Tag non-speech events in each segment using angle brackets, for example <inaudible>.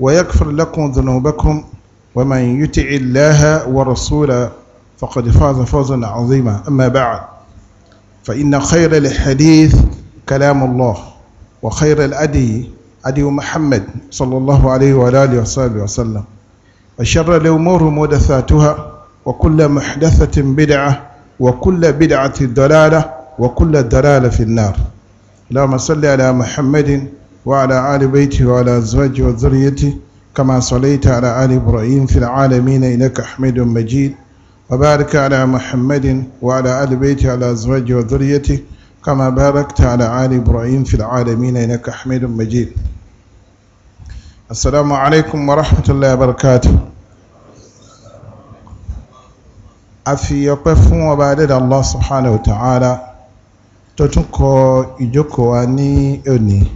ويغفر لكم ذنوبكم ومن يطع الله ورسوله فقد فاز فوزا عظيما أما بعد فإن خير الحديث كلام الله وخير الأدي أدي محمد صلى الله عليه وآله وصحبه وسلم وشر الأمور محدثاتها وكل محدثة بدعة وكل بدعة ضلالة وكل ضلالة في النار اللهم صل على محمد وعلى آل بيته وعلى أزواجه وذريته كما صليت على آل إبراهيم في العالمين إنك حميد مجيد وبارك على محمد وعلى آل بيته وعلى أزواجه وذريته كما باركت على آل إبراهيم في العالمين إنك حميد مجيد السلام عليكم ورحمة الله وبركاته أفي يقف وبعد الله سبحانه وتعالى تتكو إجوكو أني أني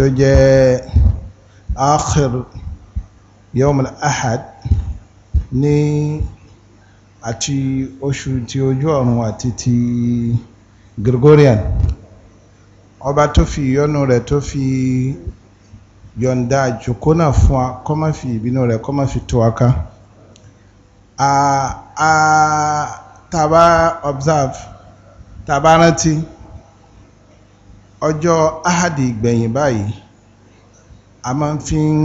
tó jẹ́ akhir yom al-ahad ní àti oṣù ti ojú ọ̀run àti ti Gregorian ọba tó fi ìyọ́nú rẹ̀ tó fi yọ̀ǹda àjòkó náà fún wa kó má fi ìbínú rẹ̀ kó má fi tó wa a a tàbá observe tàbá rántí ọjọ́ ahadi gbẹ̀yìn báyìí a máa fi ń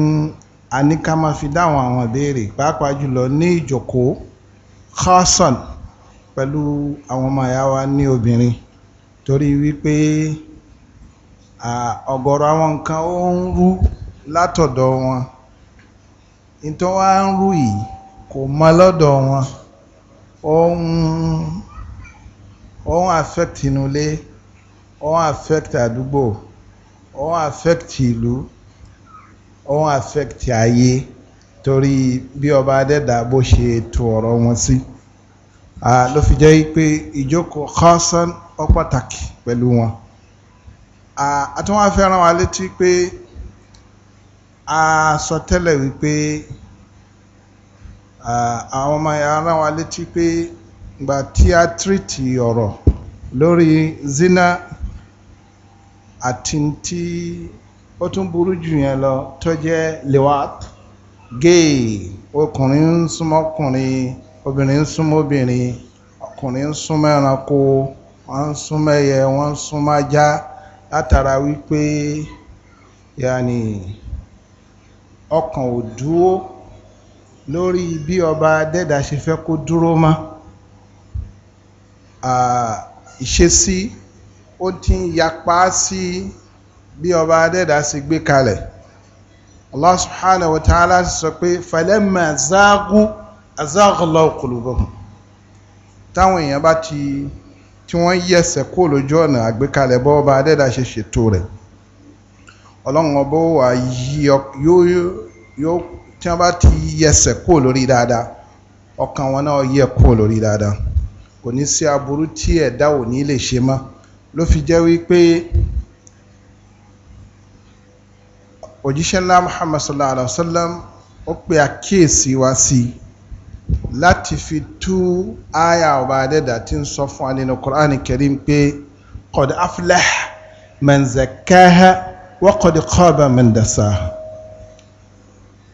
a ní ká máa fi dáhùn àwọn ìbéèrè pàápàá jùlọ ní ìjókòó khasan pẹ̀lú àwọn ọmọ ìyá wa ní obìnrin torí wípé ọ̀gọ̀rọ̀ àwọn nǹkan ó ń rú látọ̀dọ̀ wọn ìtọ́ wa ń rú yìí kò mọ lọ́dọ̀ wọn ó ń affect inú ilé wọ́n affect àdúgbò wọ́n affect ìlú wọ́n affect ayé torí bí ọba adẹ́dà bó ṣe ètò ọ̀rọ̀ wọn sí ló fi jẹ́ pé ìjókòó kọ́sán ó pẹ̀lú wọn àtúnwá fẹ́ràn wa létí pé a sọ tẹ́lẹ̀ wípé àwọn ọmọ ara wa létí pé ìgbà tí a tírìtì ọ̀rọ̀ lórí zina àti tí ó tún burú jù yẹn lọ tó jẹ́ lewat gay ọkùnrin ń súnmọ́ ọkùnrin obìnrin ń súnmọ́ obìnrin ọkùnrin ń súnmọ́ ẹranko wọ́n ń súnmọ́ ẹyẹ wọ́n ń súnmọ́ ajá látara wípé yàní ọkàn ò dúró lórí bí ọba dẹ́dà ṣe fẹ́ kó dúró mọ́ ìṣesí. Uh, ó ti ń yapa sí bí ọba adẹ́dà sì gbé kalẹ̀ Allah subhanahu wa ta'ala sọ pé falamma zaagu azaghallahu qulubahum táwọn èèyàn bá ti tí wọ́n yẹsẹ̀ kó lójú ọ̀nà àgbékalẹ̀ bọ́ ọba adẹ́dà ṣe ṣètò rẹ̀ ọlọ́run ọba wà yóò tí wọ́n bá ti yẹsẹ̀ kó lórí dáadáa ọkàn wọn náà yẹ kó lórí dáadáa kò ní sí aburú tí ẹ̀dá ò ní lè ṣe mọ́ ló fi jẹ́ wípé òjíṣẹ́ ńlá Muhammad sallallahu alaihi wa sallam ó pe àkíyèsí wa sí i láti fi tú àyà ọba adẹ́dà tí ń sọ fún wa nínú Qur'an Karim pé qad aflah man zakkaha wa qad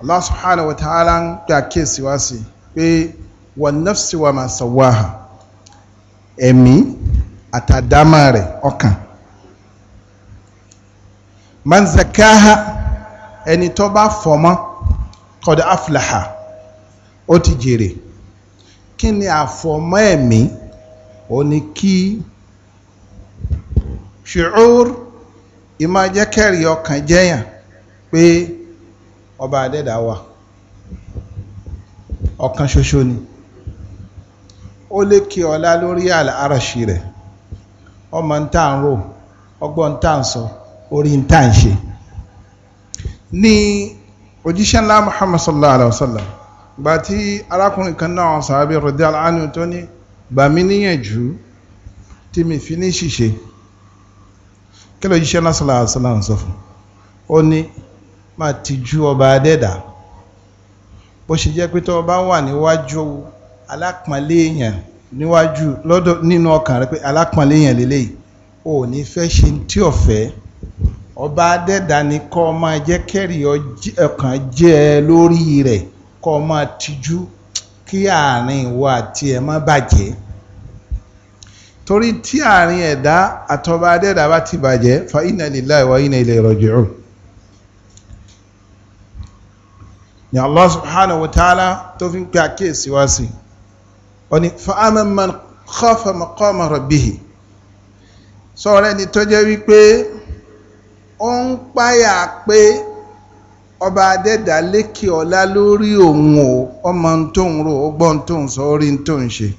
Allah subhanahu wa ta'ala ń pe àkíyèsí wa sí i pé wan nafsi wa ma sawaha ẹ̀mí àtàdámà rẹ̀ ọkàn manzakaha ẹni tó bá fọmọ́ kọ́dọ̀ aflaha ó ti jèrè kí ni àfọmọ́ ẹ̀mí ó ní kí ṣùúr ìmájẹ́kẹ̀rì ọkàn jẹ́yàn pé ọba adẹ́dà wà ọ̀kan ṣoṣo ni ó lékè ọlá lórí àlàáràṣì rẹ̀ ọmọ ń tà ń rò ọgbọ́n ń tà ń sọ orí ń tà ń ṣe. ní òjíṣẹ́ ńlá Muhammad sallallahu alayhi wa sallam gba tí arákùnrin kan náà sàábì radiyallahu anhu tó ní gbà mí níyànjú tí mi fi ní ṣìṣe kí ló jíṣẹ́ ńlá sallallahu alayhi wa sallam sọ fún ó ní máa tijú ọba adẹ́dàá bó ṣe jẹ́ pé tó bá wà níwájú alápọ̀nlé èèyàn níwájú lọ́dọ̀ nínú ọkàn rẹ pé alápọ̀nlé yẹn lélẹ́yìí ò ní fẹ́ ṣe tí ò fẹ́ ọba adẹ́dà ni kọ́ ọ máa jẹ́ kẹ́rì ọkàn jẹ́ ẹ lórí rẹ̀ kọ́ ọ máa tijú kí àárín ìwọ àti ẹ má bàjẹ́ torí tí àárín ẹ̀dá àtọba adẹ́dà bá ti bàjẹ́ fa inna lillahi wa inna ilayhi raji'un. ni Allah subhanahu wa ta'ala tó fi ń pe àkíyèsí wá sí i ọni fa'ama man khafa maqama rabbihi sọ̀rọ̀ ẹni tó jẹ́ wípé ó ń páyà pé ọba adẹ́dà lékè ọ̀la lórí òun o ọmọ tó ń ro ọgbọ́n tó ń sọ orí tó ń ṣe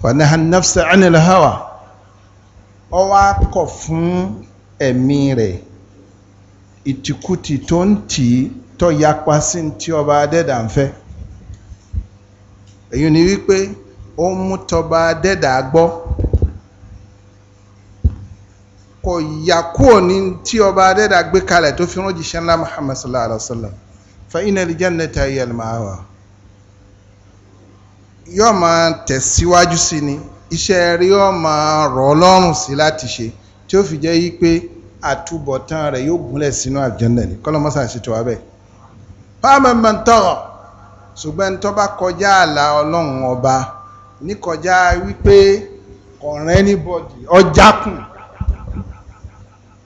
fanaha nafsa ọ wá kọ̀ fún ẹ̀mí rẹ̀ ìtìkùtì tó ń tì í tó yapa sí ti ọba adẹ́dà ń fẹ́ èyí ni wípé ó mú tọba adẹ́dà gbọ́ kò yà kúrò ní tí ọba adẹ́dà gbé kalẹ̀ tó fi ránjíṣẹ́ ńlá Muhammad sallallahu alaihi wa sallam fa innal jannata hiya al-ma'wa yóò máa tẹ̀síwájú sí ni iṣẹ́ rí yóò máa rọ̀ lọ́rùn sí láti ṣe tí ó fi jẹ́ yí pé àtúbọ̀tán rẹ̀ yóò gúnlẹ̀ sínú àjẹ́ndẹ̀ ni kọ́lọ́mọ́sà ṣètò abẹ́ fáwọn mẹ́mẹ́ ń ṣùgbọ́n ní tó bá kọjá àlà ọlọ́run ọba níkọjá wípé ọ̀rẹ́ ní bọ́dì ọjà kùn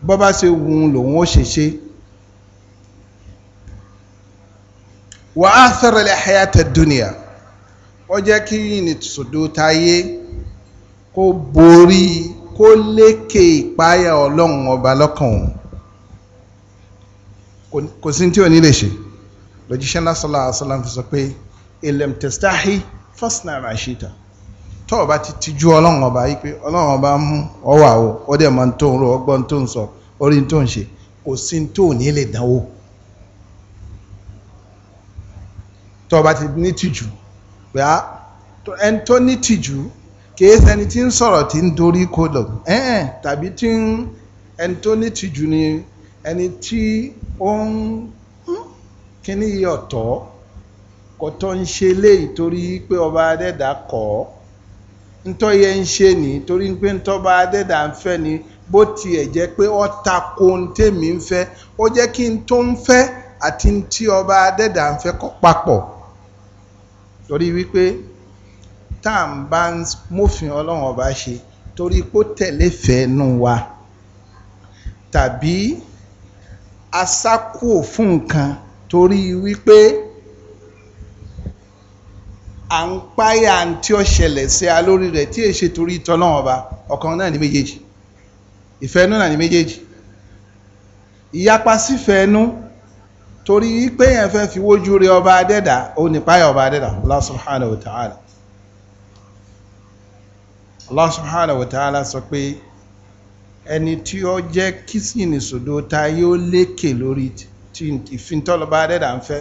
bọ́bá ṣe wùn lòun ó ṣe ṣe. wà á thara al-hayata ad-dunya ó jẹ́ kí ìnìtìsòdò táyé kó borí kó lékè ìpáyà ọlọ́run ọba lọ́kàn òun kò sí tí ò ní lè ṣe lọ́jíṣẹ́ náà sallallahu alaihi wasallam fi sọ pé ilẹ̀m testahi fasna rashita tó o bá ti tijú ọlọ́run ọba yìí pé ọlọ́run ọba mú ọwà o ó dẹ̀ máa ń tó ń ro ọgbọ́n tó ń sọ orí tó ń ṣe kò sí tó ní lè dánwò tó o bá ti ní tìjú pé á ah, ẹni tó ní tìjú kìí ṣẹni tí ń sọ̀rọ̀ tí ń dorí kodò ẹ̀ẹ́n tàbí tí ẹni tó ní tìjú ni ẹni tí ó ń kíní yìí ọ̀tọ̀ kọ̀tọ́ ń ṣe léyìí torí pé ọba adẹ́dà kọ̀ ọ́ ntọ́ yẹ ń ṣe ní torí pé ntọ́ba adẹ́dà ń ni bó tiẹ̀ jẹ́ pé ó tako ohun tèmi fẹ́ ó jẹ́ kí n tó ń fẹ́ àti tí ọba adẹ́dà ń fẹ́ torí wípé bá ń mófin ọlọ́run ọba torí pé ó tẹ̀lé nù wa tàbí asákò fún torí wípé à ń páyà tí ó ṣẹlẹ̀ sí a lórí rẹ̀ tí èṣe torí ìtọ́ náà ọba ọ̀kan náà ní méjèèjì ìfẹ́ inú náà ní méjèèjì ìyapa sífẹ́ inú torí wípé yẹn fẹ́ fi wójú rí ọba adẹ́dà ó ní páyà ọba adẹ́dà Allah subhanahu wa ta'ala Allah subhanahu wa ta'ala sọ pé ẹni tí ó jẹ́ kìsìn ìsòdó ta yóò lékè lórí ti tí ìfintọ́lọba dẹ́dà ń fẹ́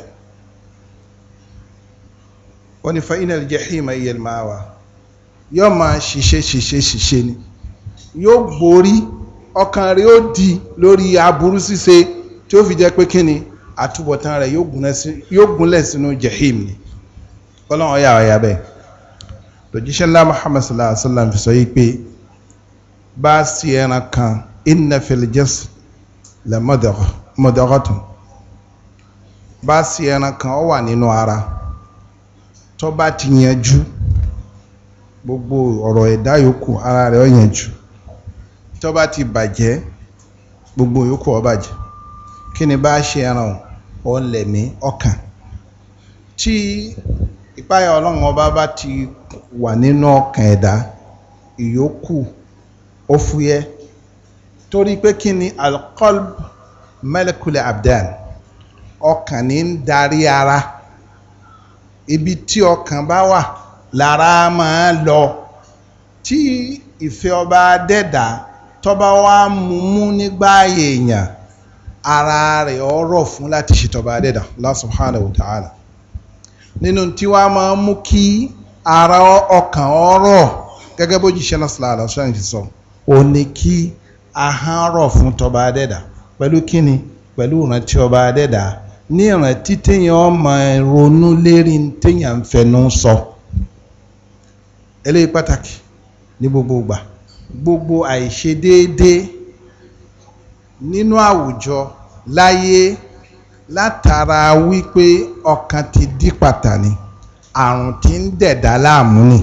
wọ́n ni fa'inal jahima iyal mawa yóò máa ṣiṣẹ́ ṣiṣẹ́ ṣiṣẹ́ ni yóò gborí ọkàn rẹ̀ ó di lórí aburú ṣíṣe tí ó fi jẹ́ pé kíni àtúbọ̀tán rẹ̀ yóò gúnlẹ̀ sínú jahim ni kọ́lọ́n ọ̀yà ọ̀yà bẹ́ẹ̀ lòjíṣẹ́ ńlá muhammad sallallahu alaihi wa sallam fi sọ yìí pé bá sí ẹran kan inna fil jasad bá sí ẹran kan ó wà nínú ara tó bá ti yanjú gbogbo ọ̀rọ̀ ẹ̀dá yòókù ara rẹ̀ ó yanjú tó bá ti bàjẹ́ gbogbo yòókù ó bàjẹ́ kí ni bá ṣe ẹran ó lẹ̀mí ọkàn tí ìpáyà ọlọ́run ọba bá ti wà nínú ọkàn ẹ̀dá ìyókù ó torí pé kí ni alqalb malakul abdan ọkàn ní ń darí ara ibi tí ọkàn bá wà lára máa lọ tí ìfẹ́ ọba dẹ́dà tọ́ba wa mú nígbà èèyàn ara rẹ̀ ọ̀rọ̀ fún láti ṣètọ́ba dẹ́dà Allah subhanahu ta'ala nínú tí wàá máa mú kí ara ọkàn ọ̀rọ̀ gẹ́gẹ́ bó jíṣẹ́ náà sọ ò ní kí ahọ́n rọ̀ fún tọ́ba pẹ̀lú kíni pẹ̀lú ìrántí ọba ní ìrántí téèyàn ọmọ ronú lérí téèyàn ń fẹnu sọ eléyìí pàtàkì ní gbogbo ìgbà gbogbo àìṣedéédé nínú àwùjọ láyé látara wípé ọkàn ti di pàtàkì àrùn tí ń dẹ̀dá láàmú ni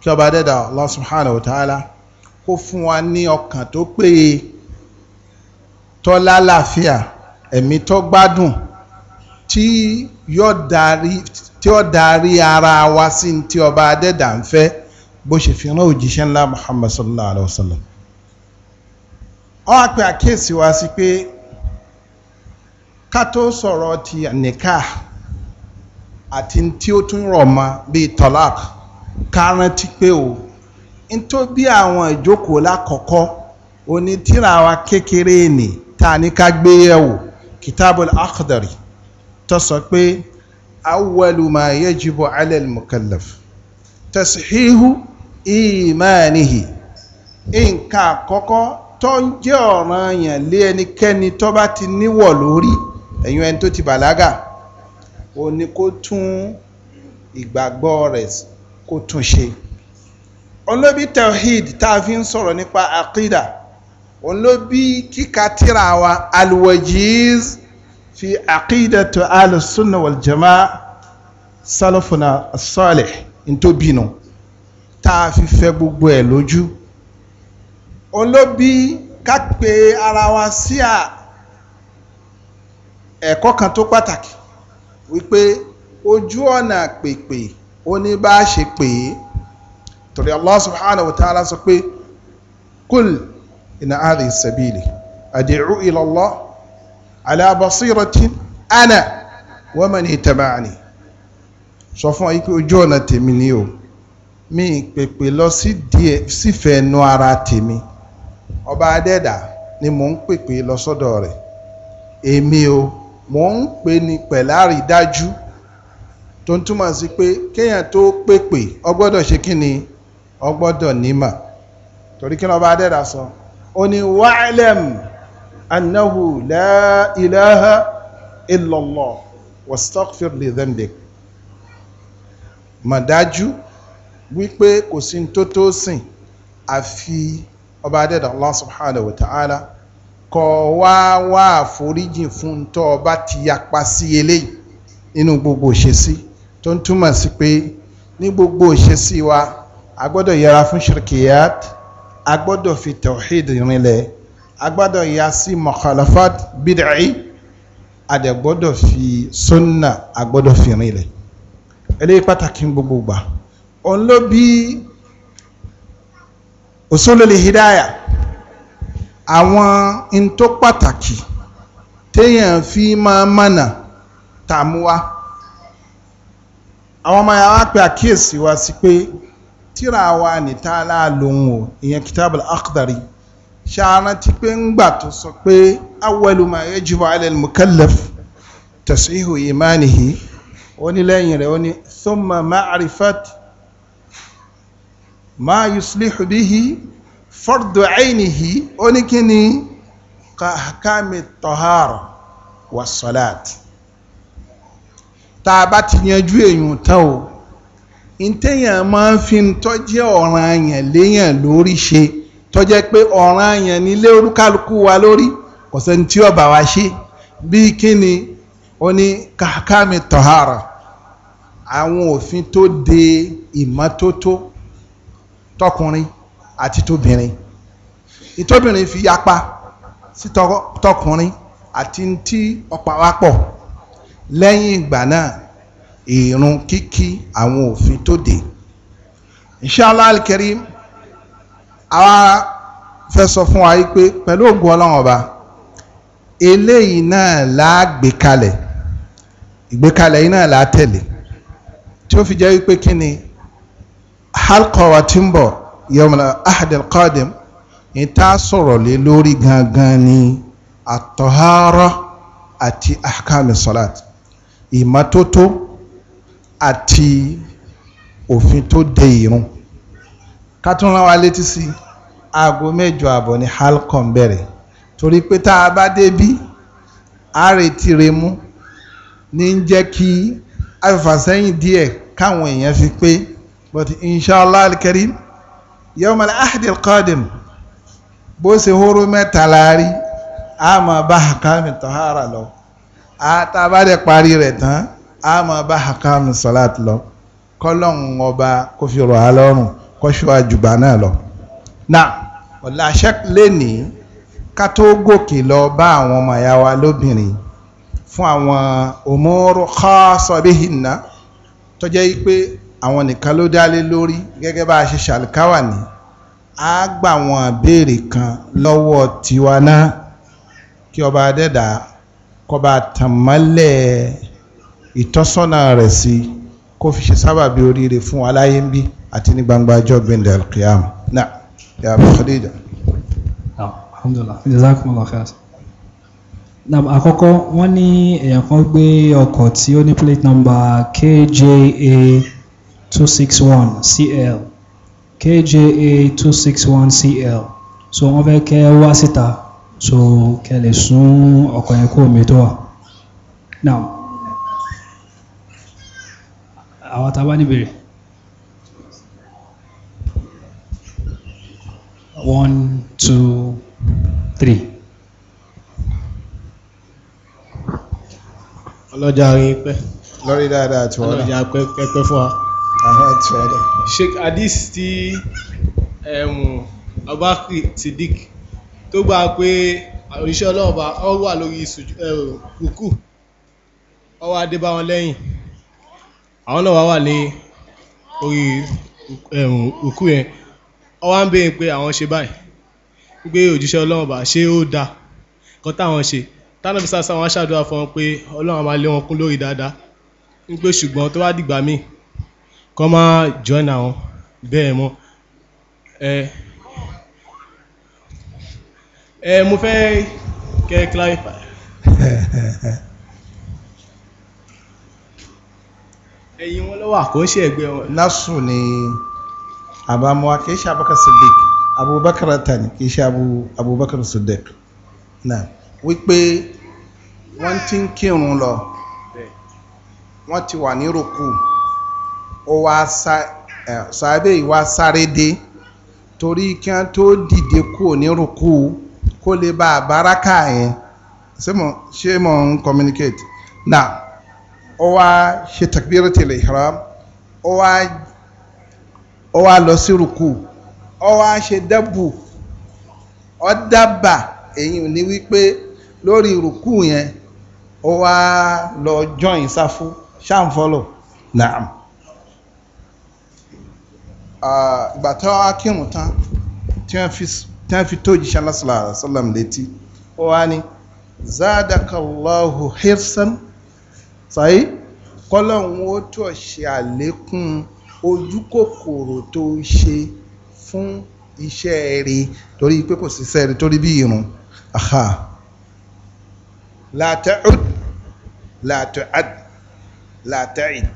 kí ọba dẹ́dà Allah subhanahu wa ta'ala kó fún wa ní ọkàn tó péye tọ́lá láàfíà. La ẹ̀mí tó gbádùn tí yóò darí tí ó darí ara wa sí tí ọba adẹ́dà ń fẹ́ bó ṣe fi rán òjíṣẹ́ ńlá Muhammad sallallahu alayhi wa sallam ó wá pe àkíyèsí wa sí pé ká tó sọ̀rọ̀ ti nikah àti tí ó tún rọ̀ mọ́ bíi talaq ká rántí pé o n bí àwọn ìjókòó lákọ̀ọ́kọ́ onítìrà wa kékeré nì tá a ní ká gbé yẹ̀wò kitabul akhdari tó sọ pé awwalu ma yajibu ala al-mukallaf tasihihu imanihi nǹkan àkọ́kọ́ tó ń jẹ́ ọ̀ranyàn lé ẹnikẹ́ni tó bá ti níwọ̀ lórí ẹ̀yìn ẹni tó ti bàlágà ó ní kó tún ìgbàgbọ́ rẹ̀ kó tún ṣe tawhid tá fi ń sọ̀rọ̀ nípa aqida òun ló bí kíka tíra wa alwajiz fi aqidatu alùsùnà wàlùjàmá sálọ́fùnà sọ́ọ̀lẹ̀ ntòbínú tá a fi fẹ́ gbogbo ẹ̀ lójú òun ló bí ká pe ara wa sí à ẹ̀kọ́ kan tó pàtàkì wípé ojú ọ̀nà pèpè ó bá ṣe pè é torí Allah subhanahu wa ta'ala sọ pé kúlù. ina hadhihi sabili adiu ila Allah ala basiratin ana wa man itaba'ani so fun ayi pe ojo ona temi ni o mi pepe lo si die si fe nu ara temi oba adeda ni mo n pepe lo sodo re emi o mo n pe ni pelari daju to n tuma si pe kenya to pepe ogbodo se kini ogbodo nima torikin oba adeda so. ó ní wa'lam annahu la ilaha illallah wastaghfir li dhanbik mọ̀dájú wípé kò sí tó tó sìn àfi ọba adẹ́dà Allah subhanahu wa ta'ala kọ wá wá àforíjì fún tó ọba ti yapa sí eléyìí nínú gbogbo òṣèṣí tó ń túmọ̀ sí pé ní gbogbo òṣèṣí wa a gbọ́dọ̀ yẹra fún shirkiyat a gbọ́dọ̀ fi tawhid rinlẹ̀ a gbọ́dọ̀ ya sí mukhalafat bid'i a dẹ̀ gbọ́dọ̀ fi sunna a gbọ́dọ̀ fi rinlẹ̀ eléyìí pàtàkì gbogbo gbà òun ló bí usulul hidaya àwọn in tó pàtàkì téèyàn fi máa mànà tààmú wa àwọn ọmọ yàrá pé àkíyèsí wa sí pé tíra wa ní tààlà lòun o ìyẹn kitab al-akhdari ṣàrántí pé ń gbà tó sọ pé awwalu ma yajibu ala al-mukallaf tasihu imanihi onílẹ́yìn rẹ̀ oní thumma ma'rifat ma yuslihu bihi fardu ainihi oníkíní kahkami tahara wa salat tá a tán o ntẹ́yàn máa ń fi tọ́jẹ́ ọ̀ràn àyàn léyàn lórí ṣe tọ́jẹ́ pé ọ̀ràn àyàn nílé olúkálukú wa lórí kò tí ó wa ṣe bíi kí ni ó ní kàkàmì tọ̀hárà àwọn òfin tó de ìmọ́tótó tọkùnrin àti tóbìnrin ìtóbìnrin fi yapa sí tọkùnrin àti ti ọ̀pá wa pọ̀ lẹ́yìn ìgbà náà ìrun kíkí àwọn òfin tó dé inshallah alkarim àwa fẹ́ sọ fún wa pé pẹ̀lú ògùn ọlọ́run ọba eléyìí náà láàgbé kalẹ̀ ìgbékalẹ̀ yìí náà la tẹ̀lé tí ó fi jẹ́ wípé kí ni halqa wa ti ń bọ̀ yawmal ahad alqadim ní tá a sọ̀rọ̀ lé lórí gangan ni at àti ahkam salat ìmọ́tótó àti òfin tó de ìrun ká tún rán wa létí sí aago mẹ́jọ àbọ̀ ní halcom bẹ̀rẹ̀ torí pé tá a bá débí a retí re mú ní ń jẹ́ kí àfàsẹ́yìn díẹ̀ káwọn èèyàn fi pé but inshallah alkarim yawm al-ahd al bó ṣe horo mẹ́ta láàrí a máa bá àkámi tọ́hárà lọ àtàbádẹ́ parí rẹ̀ tán ama ba bá hakamu salat lọ kọ́lọ́hún ọba kó fi rọ̀ á lọ́rùn kọ́ṣù àjùbá náà lọ. na ọ̀la sheik lẹ́ni ká tó gòkè lọ bá àwọn ọmọ ìyá wa lóbìnrin fún àwọn òmòrò khaasa bihinna tó jẹ́ pé àwọn nìkan ló dálé lórí gẹ́gẹ́ bá a ṣe ṣàlùkáwà ní a gbà wọn béèrè kan lọ́wọ́ tiwa náà kí ọba adẹ́dàá kọba tàmálẹ̀ ìtọ́sọ́nà rẹ̀ sí kó fi ṣe sábàbí oríire fún aláyé ń bí àti ní gbangba ọjọ́ bíndẹ̀ alqiyam náà yà á Khadija. alhamdulilah jazakumullahu khairan. Nam àkọ́kọ́ wọ́n ní èèyàn kan gbé ọkọ̀ tí ó ní plate number KJA two six one CL KJA two six one CL so wọ́n fẹ́ kẹ́ wá síta so kẹ́ lè sún ọkọ̀ yẹn kó omi tó wà. Now àwọn tá a one two three. ọlọ́jà rin pẹ́. lórí dáadáa tí wọ́n rà ọlọ́jà pẹ́pẹ́ fún wa. sheikh hadith ti Abubakar Siddiq tó gbà pé òṣìṣẹ́ ọlọ́ọ̀bá ọ wà lórí rùkú ọ wá dé bá lẹ́yìn àwọn náà wá wà ní orí òkú yẹn wọ́n wá ń béèrè pé àwọn ṣe báyìí pé òjíṣẹ́ ọlọ́run bá ṣé ó da kan táwọn ṣe tánà bí sáà wọn ṣàdúrà fún wọn pé ọlọ́run máa lé wọn kún lórí dáadáa ń pé ṣùgbọ́n tó wá dìgbà míì kọ́ máa join àwọn bẹ́ẹ̀ mọ́ ẹ ẹ mo fẹ́ kẹ́ clarify. <laughs> ẹ̀yìn wọn lọ́wọ́ àkóńṣe ẹ̀gbẹ́ wọn. nasu ni àbámuwa kì í ṣe abubakar sadiq abubakar tani kì í ṣe abubakar sadiq náà wípé wọ́n ti ń kírun lọ wọ́n ti wà ní ruku ó wá sá sàbẹ̀ ìwà sáré dé torí kí wọ́n tó dìde kúrò ní ruku kó lè bá a bára káà yẹn ṣé mo ń communicate now ó wá ṣe takbiratul ihram ó wá ó wá lọ sí rúkú ó wá ṣe dábù ó dábà èyí ni wípé lórí rúkú yẹn ó wá lọ join sáfù ṣáǹfọ́lọ̀ naam ìgbà tó wá kírun tán tí wọ́n fi tí wọ́n sàí kọ́lọ́hún ó tọ̀ ṣe àlékún ojú kòkòrò tó ṣe fún iṣẹ́ rẹ̀ torí pé kò sí iṣẹ́ rẹ̀ torí bí irun aha látẹ̀ud látẹ̀ad látẹ̀id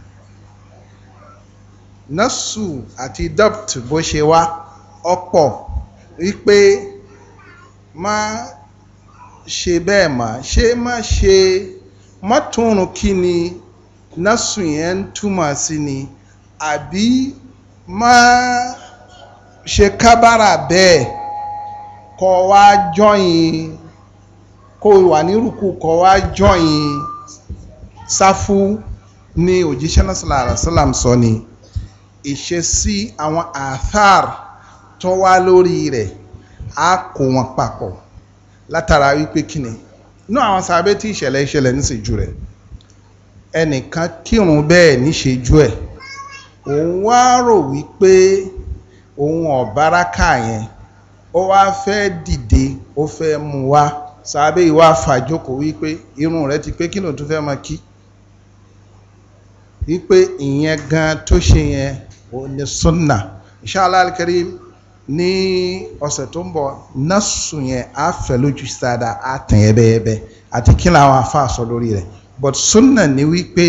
nọ́ọ̀sù àti dọ́pt bó ṣe wá ọ̀pọ̀ wípé má ṣe bẹ́ẹ̀ má ṣe má ṣe. Ma mọ́tòrún kí ni násù yẹn ń túmọ̀ sí ni àbí má ṣe kábàrà bẹ́ẹ̀ kọ́ wá jọyìn kó wà nírùkù kọ́ wá jọyìn sáfù ni òjíṣẹ́ náà sallallahu alaihi wasallam sọ ni ìṣesí àwọn àthar tó wá lórí rẹ̀ á kó wọn papọ̀ látara wípé kí ni inú àwọn sàbẹ́ tí ìṣẹ̀lẹ̀ ìṣẹ̀lẹ̀ ní ṣèjú rẹ̀ ẹnìkan kírun bẹ́ẹ̀ níṣejú ẹ̀ òun wá rò wípé òun ọ̀báraka yẹn ó wá fẹ́ dìde ó fẹ́ mú wá sàbẹ́ ìwà fàjókòó wípé irun rẹ̀ ti pé kí ló tún fẹ́ máa kí wípé ìyẹn gan tó ṣe yẹn ò ní sunna inshallah al-karim ní ọ̀sẹ̀ tó ń bọ̀ násù yẹn á fẹ̀ lójú sáadà á tàn yẹn bẹ́ẹ̀bẹ́ àti kí làwọn afa lórí rẹ̀ but sunna ni wípé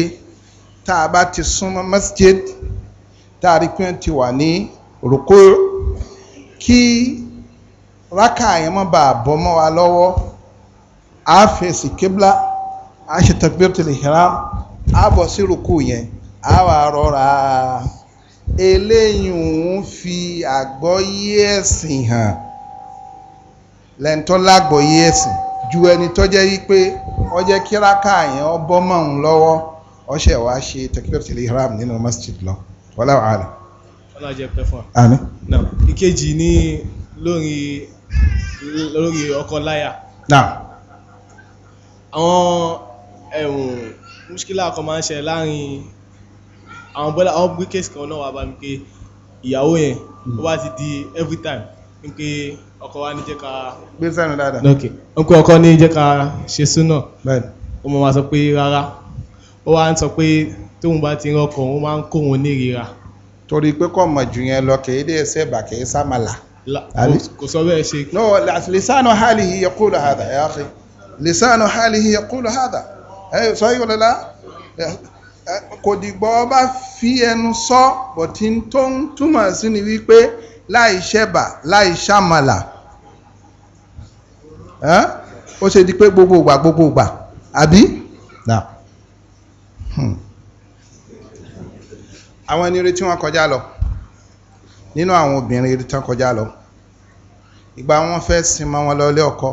tá a bá ti súnmọ́ masjid tá a rí pé ti wà ní rúkú kí rákà yẹn má bàa bọ́ mọ́ wa lọ́wọ́ á fèsì kébla á ṣe takbiratul ihram á bọ̀ sí rúkú yẹn á wà rọra eléyìí òun fi àgbọ́yé ẹ̀sìn hàn lẹ́ńtọ́ lágbọ́yé ẹ̀sìn ju ẹni tó jẹ́ wípé ó jẹ́ kíráka yẹn ó bọ́ mọ́ òun lọ́wọ́ ó ṣẹ̀ wá ṣe tẹkítọ́tì lè ram nínú masjid lọ wọlé wàhálà. ọlọ́run jẹ́ pẹ́ fún ìkejì ní lórí lórí ọkọ láyà. àwọn ẹ̀wọ̀n muskila kan máa ń ṣe láàrin àwọn bọ́lá àwọn briquets kan náà wà bá mi pé ìyàwó yẹn ó wá ti di every time n pé ọkọ wa ní jẹ́ ká. gbé sẹ́nu dáadáa. ok n pé ọkọ ní jẹ́ ká ṣe súnà. bẹ́ẹ̀ni. ó mọ̀ máa sọ pé rárá ó wá ń sọ pé tóun bá ti rán ọkọ máa ń kó òun ní ìrira. torí pé kò mọ̀ jù yẹn lọ kì í dé ẹsẹ̀ bà kì í sàmàlà. kò sọ bẹ́ẹ̀ ṣe. no lisanu halihi yaqulu hadha ya akhi lisanu halihi yaqulu hadha ẹ sọ yìí wọlé la kò dìgbọ́ ọba fi ẹnu sọ bọ̀tí tó ń túmọ̀ sí ni wípé láì ṣẹ̀bà láì ṣàmàlà ó ṣe di pé gbogbo ìgbà gbogbo ìgbà àbí. Hmm. àwọn ẹni retí wọn kọjá lọ nínú àwọn obìnrin retí wọn kọjá lọ ìgbà wọn fẹ́ sin wọn lọ ilé ọkọ.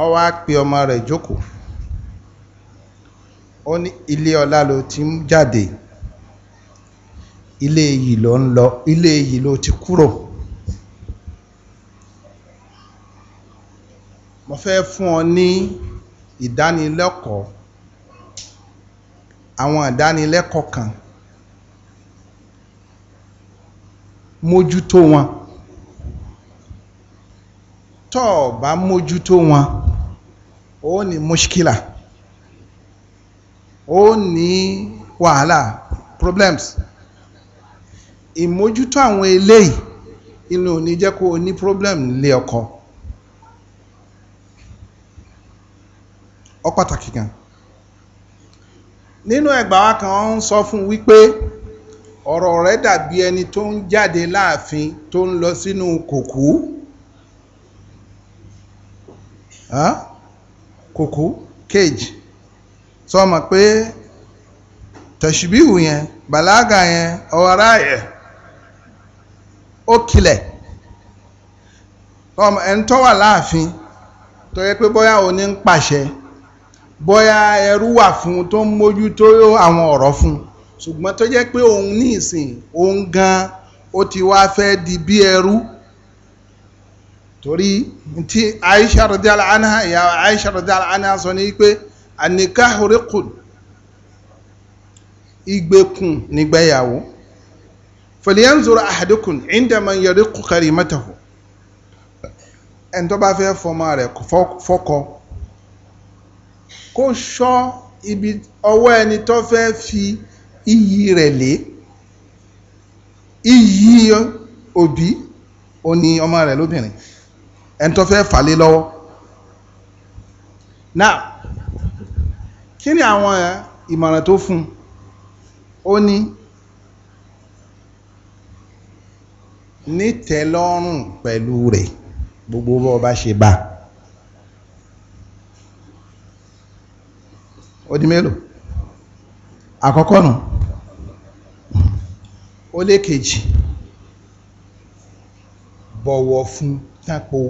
ó wá pe ọmọ rẹ̀ jókòó ó ní ilé ọlá ló ti ń jáde ilé iyì ló ń lọ ilé iyì ló ti kúrò mo fẹ́ fún ọ ní ìdánilẹ́kọ̀ọ́ àwọn ìdánilẹ́kọ̀ọ́ kan mójútó wọn tọ́ ọ bá mójútó wọn ó ní mushkila ó ní wàhálà problems ìmójútó àwọn eléyìí inú ò ní jẹ́ kó o ní problem lé ọkọ ọ pàtàkì gan nínú ẹgbàá wa kan ń sọ fún wípé ọ̀rọ̀ rẹ̀ dàbí ẹni tó ń jáde láàfin tó ń lọ sínú kòkú. Huh? kòkó cage sọ ma pé tẹ̀síbíhù yẹn bàlágà yẹn ọ̀rá yẹn ó kilẹ̀ ẹni tó wà láàfin tó yẹ pé bóyá òní ń pàṣẹ bóyá ẹrú wà fún tó ń mójútó àwọn ọ̀rọ̀ fún ṣùgbọ́n tó jẹ́ pé òun ní ìsìn òun gan ó ti wá fẹ́ di bí ẹrú torí tí aisha radiyallahu anha ìyá aisha radiyallahu anha sọ ní pé an-nikahu riqun ìgbèkùn nígbéyàwó falyanzur ahadukum inda man yariqu karimatahu ẹni tó bá fẹ́ fọmọ rẹ̀ fọ́kọ kó ṣọ́ ibi ọwọ́ ẹni tó fẹ́ fi iyì rẹ̀ lé iyì òbí òní ọmọ rẹ̀ lóbìnrin ẹni tó fẹ́ fàlẹ́ lọ́wọ́ now kí ni àwọn eh, ìmọ̀ràn tó fún ó ní nítẹ́lọ́rùn pẹ̀lú rẹ̀ gbogbo bó bá ṣe bá ó di mélòó àkọ́kọ́ nù ó lé kejì bọ̀wọ̀ fún tápò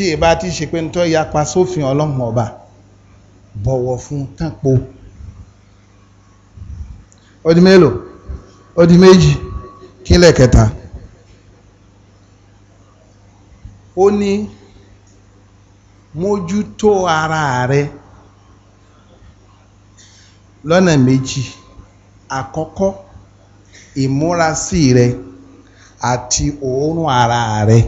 tí ẹ bá ti ṣe pé nítorí yapa sófin ọlọ́run ọba bọ̀wọ̀ fún tánpo ọdí mélòó ọdí méjì kílẹ̀ kẹta ó ní mójútó ara rẹ lọ́nà méjì àkọ́kọ́ ìmúrasí rẹ àti òórùn ara rẹ.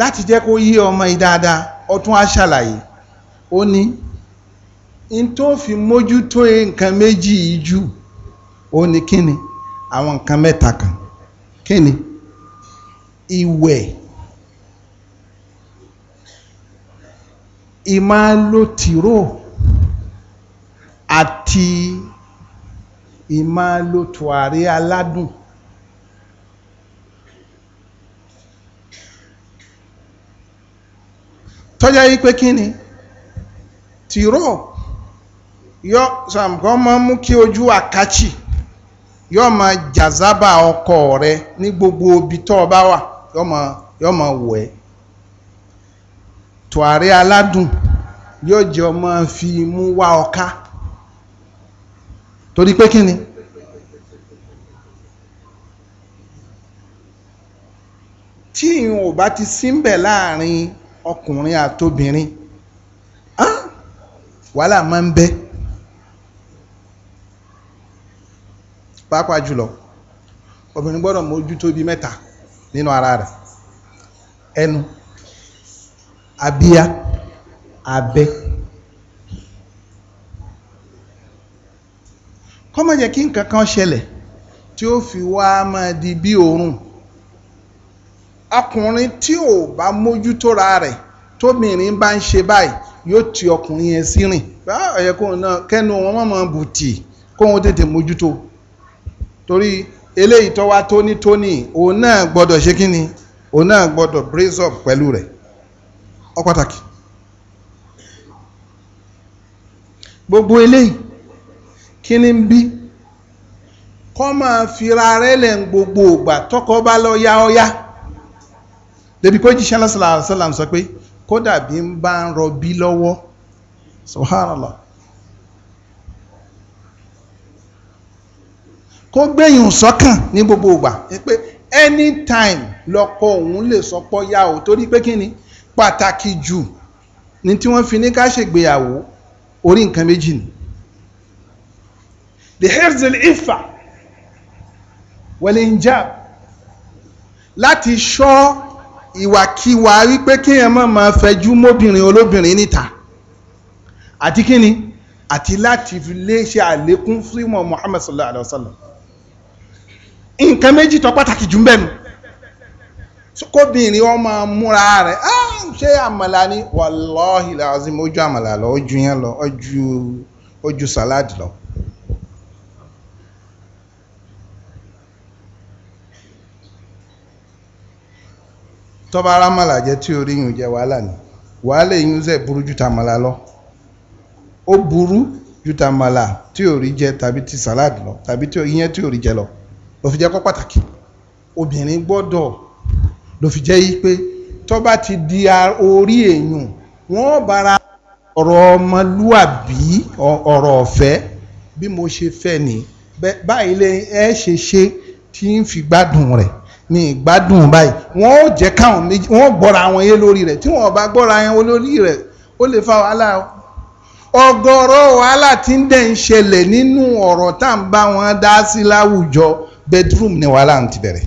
láti jẹ́ kó yí ọmọ yìí dáadáa ọtún á ṣàlàyé ó ní n tó fi mójútó nǹkan méjì yìí jù ó ní kíni àwọn nǹkan mẹ́ta kan kíni ìwẹ̀ ìmáàlótìró àti ìmáàlótùwárí aládùn. tọ́já yí pé kí ni tìró yọ sàmkọ́ máa mú kí ojú àkáchì yọ máa jàzábà ọkọ rẹ ní gbogbo ibi tó bá wà yọ máa yọ máa wọ̀ ẹ́ tùwárí aládùn yóò jẹ́ ọmọ fi mú wá ọká torí pé kí ni tí ìyún ò bá ti símbẹ̀ láàrin ọkùnrin àtobìnrin wàhálà máa ń bẹ pàápàá jùlọ obìnrin gbọ́dọ̀ mójútó bíi mẹ́ta nínú ara rẹ̀ ẹnu abíyá abẹ́ kó má jẹ́ kí nǹkan kan ṣẹlẹ̀ tí ó fi wá máa di bí òórùn ọkùnrin tí ò bá mójútóra rẹ̀ tóbìnrin bá ń ṣe báyìí yóò ti ọkùnrin yẹn sí rìn ọ̀yẹ́ kóun náà kẹ́nu wọn mọ̀ mọ́ bùtì kóun tètè mójútó torí eléyìí tó wá tónítóní òun náà gbọ́dọ̀ ṣe kí ni òun náà gbọ́dọ̀ brace up pẹ̀lú rẹ̀ ó pàtàkì. gbogbo eléyìí kí ń bí kọ́ máa fira rẹ̀ lẹ̀ gbogbo ògbà tọkọ bá lọ ya ọ́ ya débi kó jíṣẹ́ lọ́sọ̀lá sọ́làm sọ pé kódà bí ń bá ń rọbí lọ́wọ́ subhanallah kó gbẹ̀yìn sọ́kàn ní gbogbo ìgbà pé anytime lọ́kọ òun lè sọpọ́ yá o torí pé kí ni pàtàkì jù ní tí wọ́n fi ní ká ṣègbéyàwó orí nǹkan méjì ni the herzl ifa wal injab láti ṣọ́ ìwàkiwà wípé kéèyàn má máa fẹjú mọ́bìnrin olóbìnrin níta àti kíni àti láti lè ṣe àlékún fíìmọ̀ Muhammad sallallahu alaihi wasallam nǹkan méjì tó pàtàkì jù ń bẹ̀nu kóbìnrin wọn máa múra rẹ̀ ah, ṣé àmàlà ni wàlọ́ọ̀hì làásìmọ́jú àmàlà lọ ojú yẹn lọ ojú ojú lọ. tọ́ba arámàlà jẹ́ tí orí yùn jẹ́ wàhálà ni wàhálà yìí ṣe burú ju tàmàlà lọ ó burú ju tàmàlà tí orí jẹ tàbí ti salad lọ tàbí tí iyẹn tí orí jẹ lọ ló fi jẹ́ kó pàtàkì obìnrin gbọ́dọ̀ ló fi jẹ́ yí pé tọ́ba ti di orí èèyàn wọ́n bára ọ̀rọ̀ ọmọlúàbí ọ̀rọ̀ ọ̀fẹ́ bí mo ṣe fẹ́ ni báyìí lè ẹ ṣe ṣe tí ń fi gbádùn rẹ̀. Ni ìgbádùn báyìí wọn ò jẹ́ káwọn méjì wọn gbọ́ra wọn yé lórí rẹ̀ tí wọn bá gbọ́ra yẹn lórí rẹ̀ ó lè fa wàhálà o ọ̀gọ̀rọ̀ wàhálà tí ń dẹ̀ ń ṣẹlẹ̀ nínú ọ̀rọ̀ tá à ń bá wọn dá sí láwùjọ bedroom ni wàhálà ń ti bẹ̀rẹ̀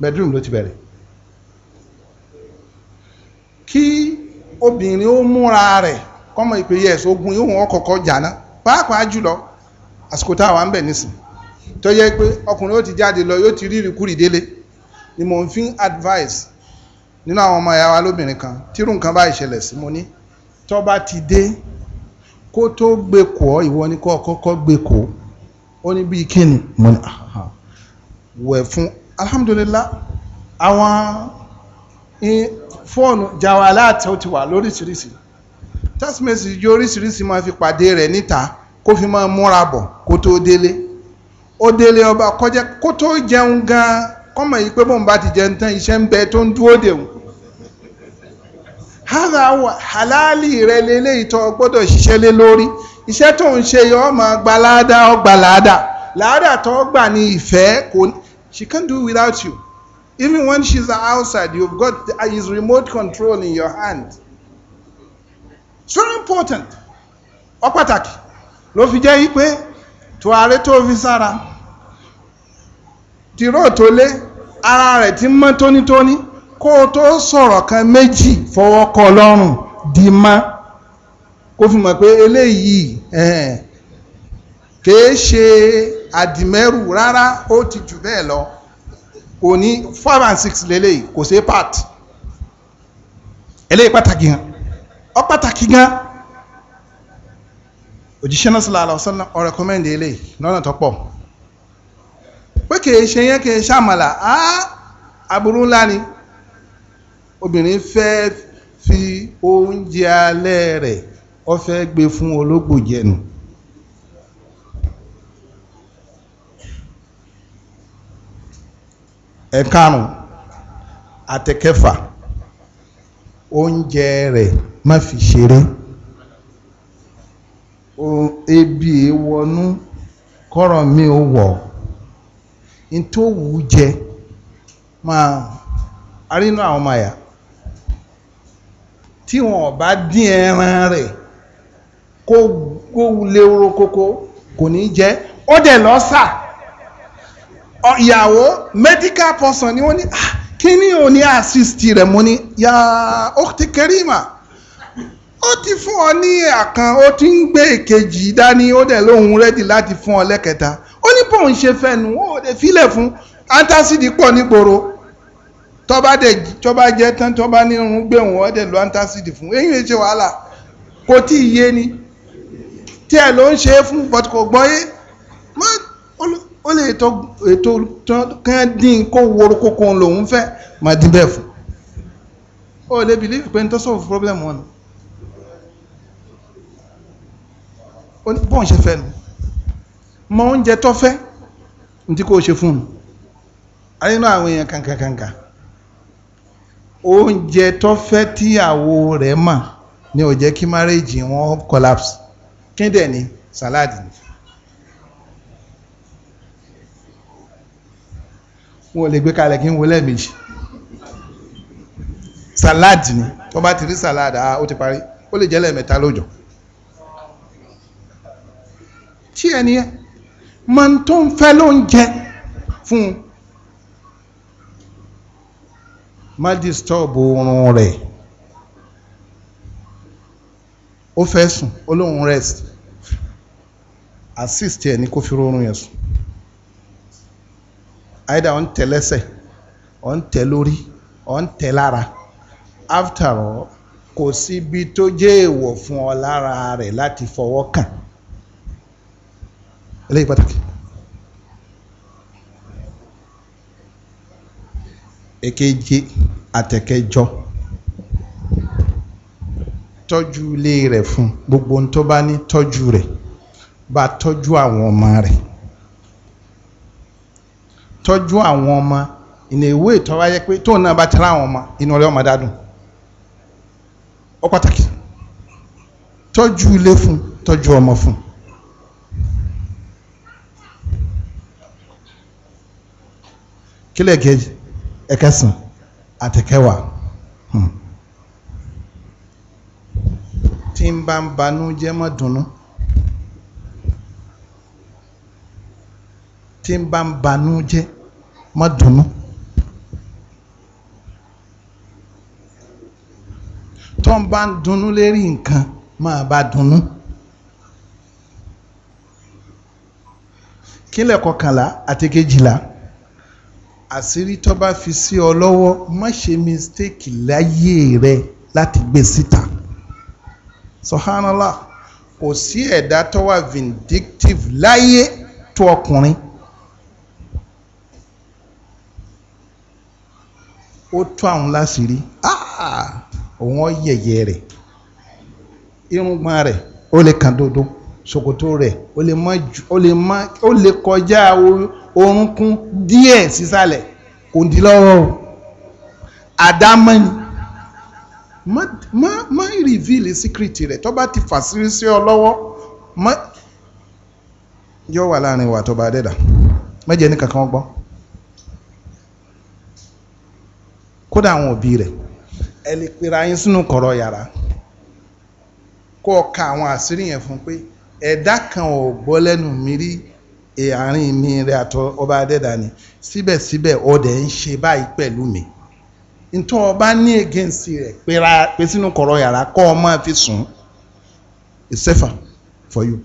bedroom ló ti bẹ̀rẹ̀ kí obìnrin ó múra rẹ̀ kọ́mọ ìpè yes ogun yóò wọ́n kọ́kọ́ jà ná pàápàá jùlọ àsìkò táwa ń bẹ̀ nísìn tó jẹ́ pé ọkùnrin ó ti jáde lọ yóò ti rí ìrìkúrì délé ni mò ń fi advice nínú àwọn ọmọ ìyá wa lóbìnrin kan tírú nǹkan bá ìṣẹ̀lẹ̀ sí mo ní tó bá ti dé kó tó gbé kọ́ ìwọ ni kó kọ́kọ́ gbé kọ́ ó ní bíi kíni mo ní wẹ̀ fún alhamdulillah àwọn fóònù jawalat ó ti wà lóríṣiríṣi text message oríṣiríṣi máa fi pàdé rẹ̀ níta kó fi máa múra bọ̀ kó tó délé Odele délé ọba kọjá kó tó jẹun gan kọ́mọ̀ yìí pé bóun bá ti jẹun tán iṣẹ́ ń bẹ tó ń dúró dèun halali rẹ lélẹ́yìí tó gbọ́dọ̀ ṣiṣẹ́ lé lórí iṣẹ́ tó ń ṣe yọ ọmọ gbalada ọgbalada láàdà tó gbà ní ìfẹ́ kò she can't do without you even when she's outside you've got his remote control in your hand it's very important ọ pàtàkì ló fi jẹ́ yí pé tùwárẹ́ tó fi sára tìró tó lé ara rẹ ti mọ tónítóní kó o tó sọrọ kan méjì fọwọ́ kọ lọ́rùn di má kó fi mọ̀ pé eléyìí kìí ṣe àdìmẹ́rù rárá ó ti jù bẹ́ẹ̀ lọ òní five and six lélẹ́yìí kò ṣe part eléyìí pàtàkì gan ọ pàtàkì gan òjíṣẹ́ náà eléyìí lọ́nà tó pọ̀. pé kìí ṣe yẹn kìí ṣàmàlà á aburú ńlá ni obìnrin fẹ́ fi oúnjẹ alẹ́ rẹ̀ ó fẹ́ gbé fún ológbò jẹnu. ẹ̀karùn àtẹ̀kẹfà oúnjẹ rẹ̀ má fi ṣeré ebi wọnú kọ́rọ̀ mi ò wọ̀ ọ́ n tó wù ú jẹ máa arínú àwọn ọmọ àyà tí wọn bá dín ẹran rẹ̀ kó wulé oró kókó kò ní jẹ ó dẹ̀ lọ sà ìyàwó medical person ni wọ́n ní ah, kí ni ò ní assist rẹ̀ mo ní ya ó ti kéré mà ó ti fún ọ ní àkàn ó ti ń gbé èkejì dání ó dẹ̀ lóhun rẹ́dì láti fún ọ lẹ́kẹta ó ní bóun ṣe fẹnu ó lè filẹ̀ fún antacid pọ̀ nígboro tọ́ba dẹ̀ tọ́ba jẹ́ tán tọ́ba ní irun gbé wọn ọ̀dẹ̀ lo antacid fún eyín ẹ̀ ṣe wàhálà kò tí ì yé ni tí ẹ̀ ló ń ṣe é fún but kò gbọ́ yé ó lè ètò ètò kan dín kó woro kókó lòun fẹ́ máa dín bẹ́ẹ̀ fún ó lè believe pé n tó solve problem wọn ni bọ́n ṣe fẹ́ nu. mọ oúnjẹ tó fẹ́ tí kò ṣe fún un ayínú àwọn èèyàn oúnjẹ tó fẹ́ rẹ̀ mà kí márẹ́jì wọn collapse kí dẹ̀ ni salad ni. wọn lè gbé kalẹ̀ kí n wo lẹ́ẹ̀mejì salad ni tó bá ti rí salad ah ó ti parí ó lè jẹ́ máa ń tó ń fẹ́ lóúnjẹ fún un má disturb oorun rẹ̀ ó fẹ́ sùn ó lóun rest assist ẹ̀ ní kó fi rọrùn yẹn sùn either ó tẹ lẹ́sẹ̀ ó tẹ lórí ó tẹ lára after all kò síbi tó jẹ́ èèwọ̀ fún ọ lára rẹ̀ láti fọwọ́ kàn eléyìí pàtàkì. èkejì àtẹ̀kẹjọ tọ́jú ilé rẹ̀ fún gbogbo ohun tó bá ní tọ́jú rẹ̀ bá tọ́jú àwọn ọmọ rẹ̀ tọ́jú àwọn ọmọ ìnà ìwé ìtọ́wá yẹ pé tóun náà bá tẹ́lá àwọn ọmọ inú ọlẹ́ ọmọ dádùn ó pàtàkì tọ́jú ilé fún tọ́jú ọmọ fún kílẹ̀ kejì ẹ̀kẹsàn àtẹ̀kẹwàá hmm. tí ń bá ń banú jẹ́ mọ́ dùnnú tí ń bá ń banú jẹ́ mọ́ dùnnú tó ń bá ń dunnú lérí nǹkan máa bá dunnú. kílẹ̀ kọkànlá àti kejìlá àṣírí tó bá fi sí ọ lọ́wọ́ má ṣe mistake láyé rẹ láti gbé síta subhanallah kò sí ẹ̀dá tó wà vindictive láyé tó ọkùnrin ó tó àwọn láṣìírí ah! òun ó yẹ̀yẹ́ rẹ̀ irùngbọ̀n rẹ̀ ó lè kàn dodo ṣòkòtò rẹ̀ ó lè kọjá ooru orúnkún díẹ̀ sísàlẹ̀ kò di lọ́wọ́ o àdámọ́ni má má má rìvíìlì síkírìtì rẹ̀ tó bá ti fà sí sí ọ lọ́wọ́ má yọ wà láàrin wa tó bá dẹ́dà mẹ́jẹ ní kankan gbọ́ kódà àwọn òbí rẹ̀ ẹ lè pera yín sínú kọ̀rọ̀ yàrá kó o ka àwọn àṣírí yẹn fún pé ẹ̀dá kan ò gbọ́ lẹ́nu mi rí E, àárín mi rẹ àtọ ọba adẹ́dà ni síbẹ̀síbẹ̀ ọdẹ ń ṣe báyìí pẹ̀lú mi ntọ́ ọba ní against rẹ̀ pera pé sínú kọ̀rọ̀ yàrá kọ́ ọ máa fi sùn it's safer for you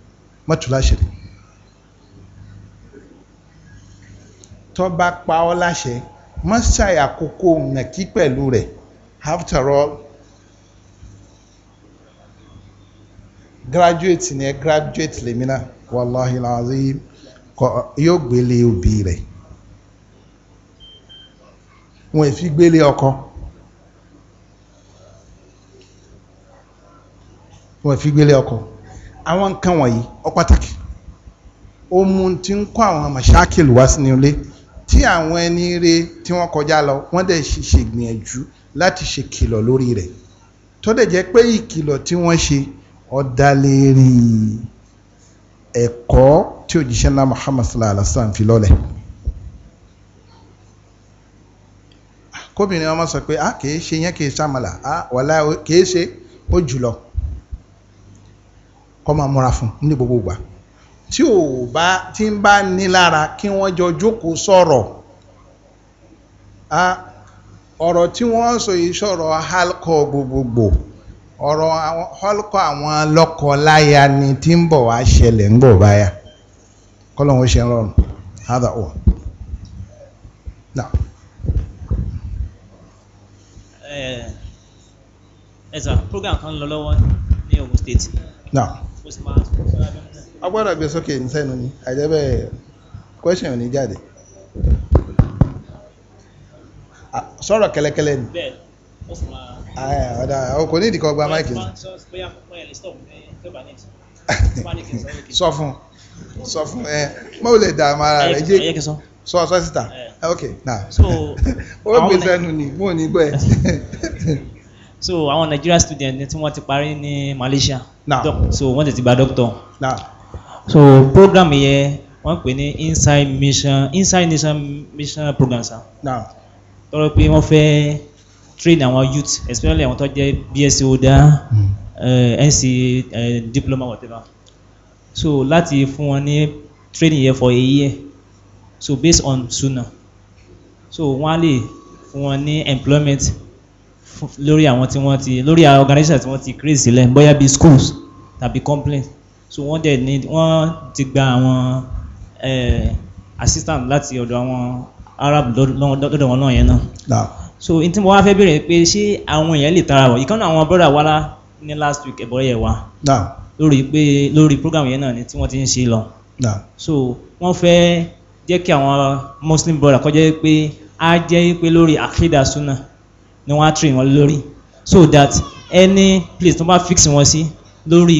mọ́tò láṣẹ̀rẹ̀ tọ́ba pa ọ́ láṣẹ má ṣàyàkókò nàkí pẹ̀lú rẹ̀ after all graduate ni ẹ graduate lèmi náà wàláhi làzim. yóò gbélé òbí rẹ̀ wọn èfi gbélé ọkọ wọn èfi gbélé ọkọ àwọn nǹkan wọ̀nyí ó pàtàkì ó mú ti ń kó àwọn màṣákìlì wá sínú ilé tí àwọn ẹni rè tí wọ́n kọjá lọ wọ́n dẹ̀ ṣègbìyànjú láti ṣe kìlọ̀ lórí rẹ̀ tó dẹ̀ jẹ́ pé ìkìlọ̀ tí wọ́n ṣe ó ẹ̀kọ́ tí òjíṣẹ́ ńlá Muhammad sallallahu alaihi wa sallam fi lọ́lẹ̀ kóbìnrin ọmọ sọ pé a ah, kìí ṣe yẹn kìí sàmàlà a ah, wàlá kìí ṣe ó jùlọ kọ́ máa múra fún ní gbogbo ìgbà tí ò bá tí ń bá ní lára kí wọ́n jọ jókòó sọ̀rọ̀ a ah, ọ̀rọ̀ tí wọ́n sọ halkọ gbogbogbò ọ̀rọ̀ halkọ àwọn ni tí ń bọ̀ wá ṣẹlẹ̀ ń bọ̀ kọ́lọ́n ó ṣe ń rọrùn hádà ó. ẹ sà program kan lọ lọ́wọ́ ní Ogun State. a gbọ́dọ̀ gbé sókè ní sẹ́nu ni àìjẹ́bẹ́ question ò ní jáde sọ̀rọ̀ kẹ́lẹ́kẹ́lẹ́ ni kò ní ìdíkọ̀ gba máìkì <laughs> sọ fún un sọ fún ẹ mọ ò lè dààmú ara rẹ jẹ sọ sọ síta ah, ok now <laughs> ó gbèsè ẹnu ni mo ò ní gbọ́ ẹ. <laughs> so àwọn Nigerian students ni tí wọ́n ti parí ní Malaysia now so wọ́n ti ti gba doctor now so program yẹn wọ́n pè ní inside mission inside nation mission program sa now tọrọ pé wọ́n fẹ́ train àwọn youth especially àwọn tó jẹ́ BSc holder NC diploma whatever so láti fún wọn ní training yẹn for a year so based on suna so wọ́n á lè fún wọn ní employment lórí àwọn tí wọ́n ti lórí àwọn organization tí wọ́n ti create sílẹ̀ bóyá bíi schools tàbí complaint so wọ́n dẹ̀ ní wọ́n ti gba àwọn eh, assistant láti ọ̀dọ̀ àwọn arab lọ́dọ̀ wọn náà yẹn náà so n tí mo wá fẹ́ béèrè pé ṣé àwọn èèyàn lè tara wọ̀ ìkànnì àwọn brother wa ní last week ẹ̀bọ̀rẹ̀ yẹn wa lórí pé lórí program yẹn náà ni tí wọ́n ti ń ṣe lọ. so wọ́n fẹ́ jẹ́ kí àwọn muslim brother kọjá pé á jẹ́ pé lórí akida suna ni wọ́n á train wọn lórí so that any place tó bá fix wọn sí lórí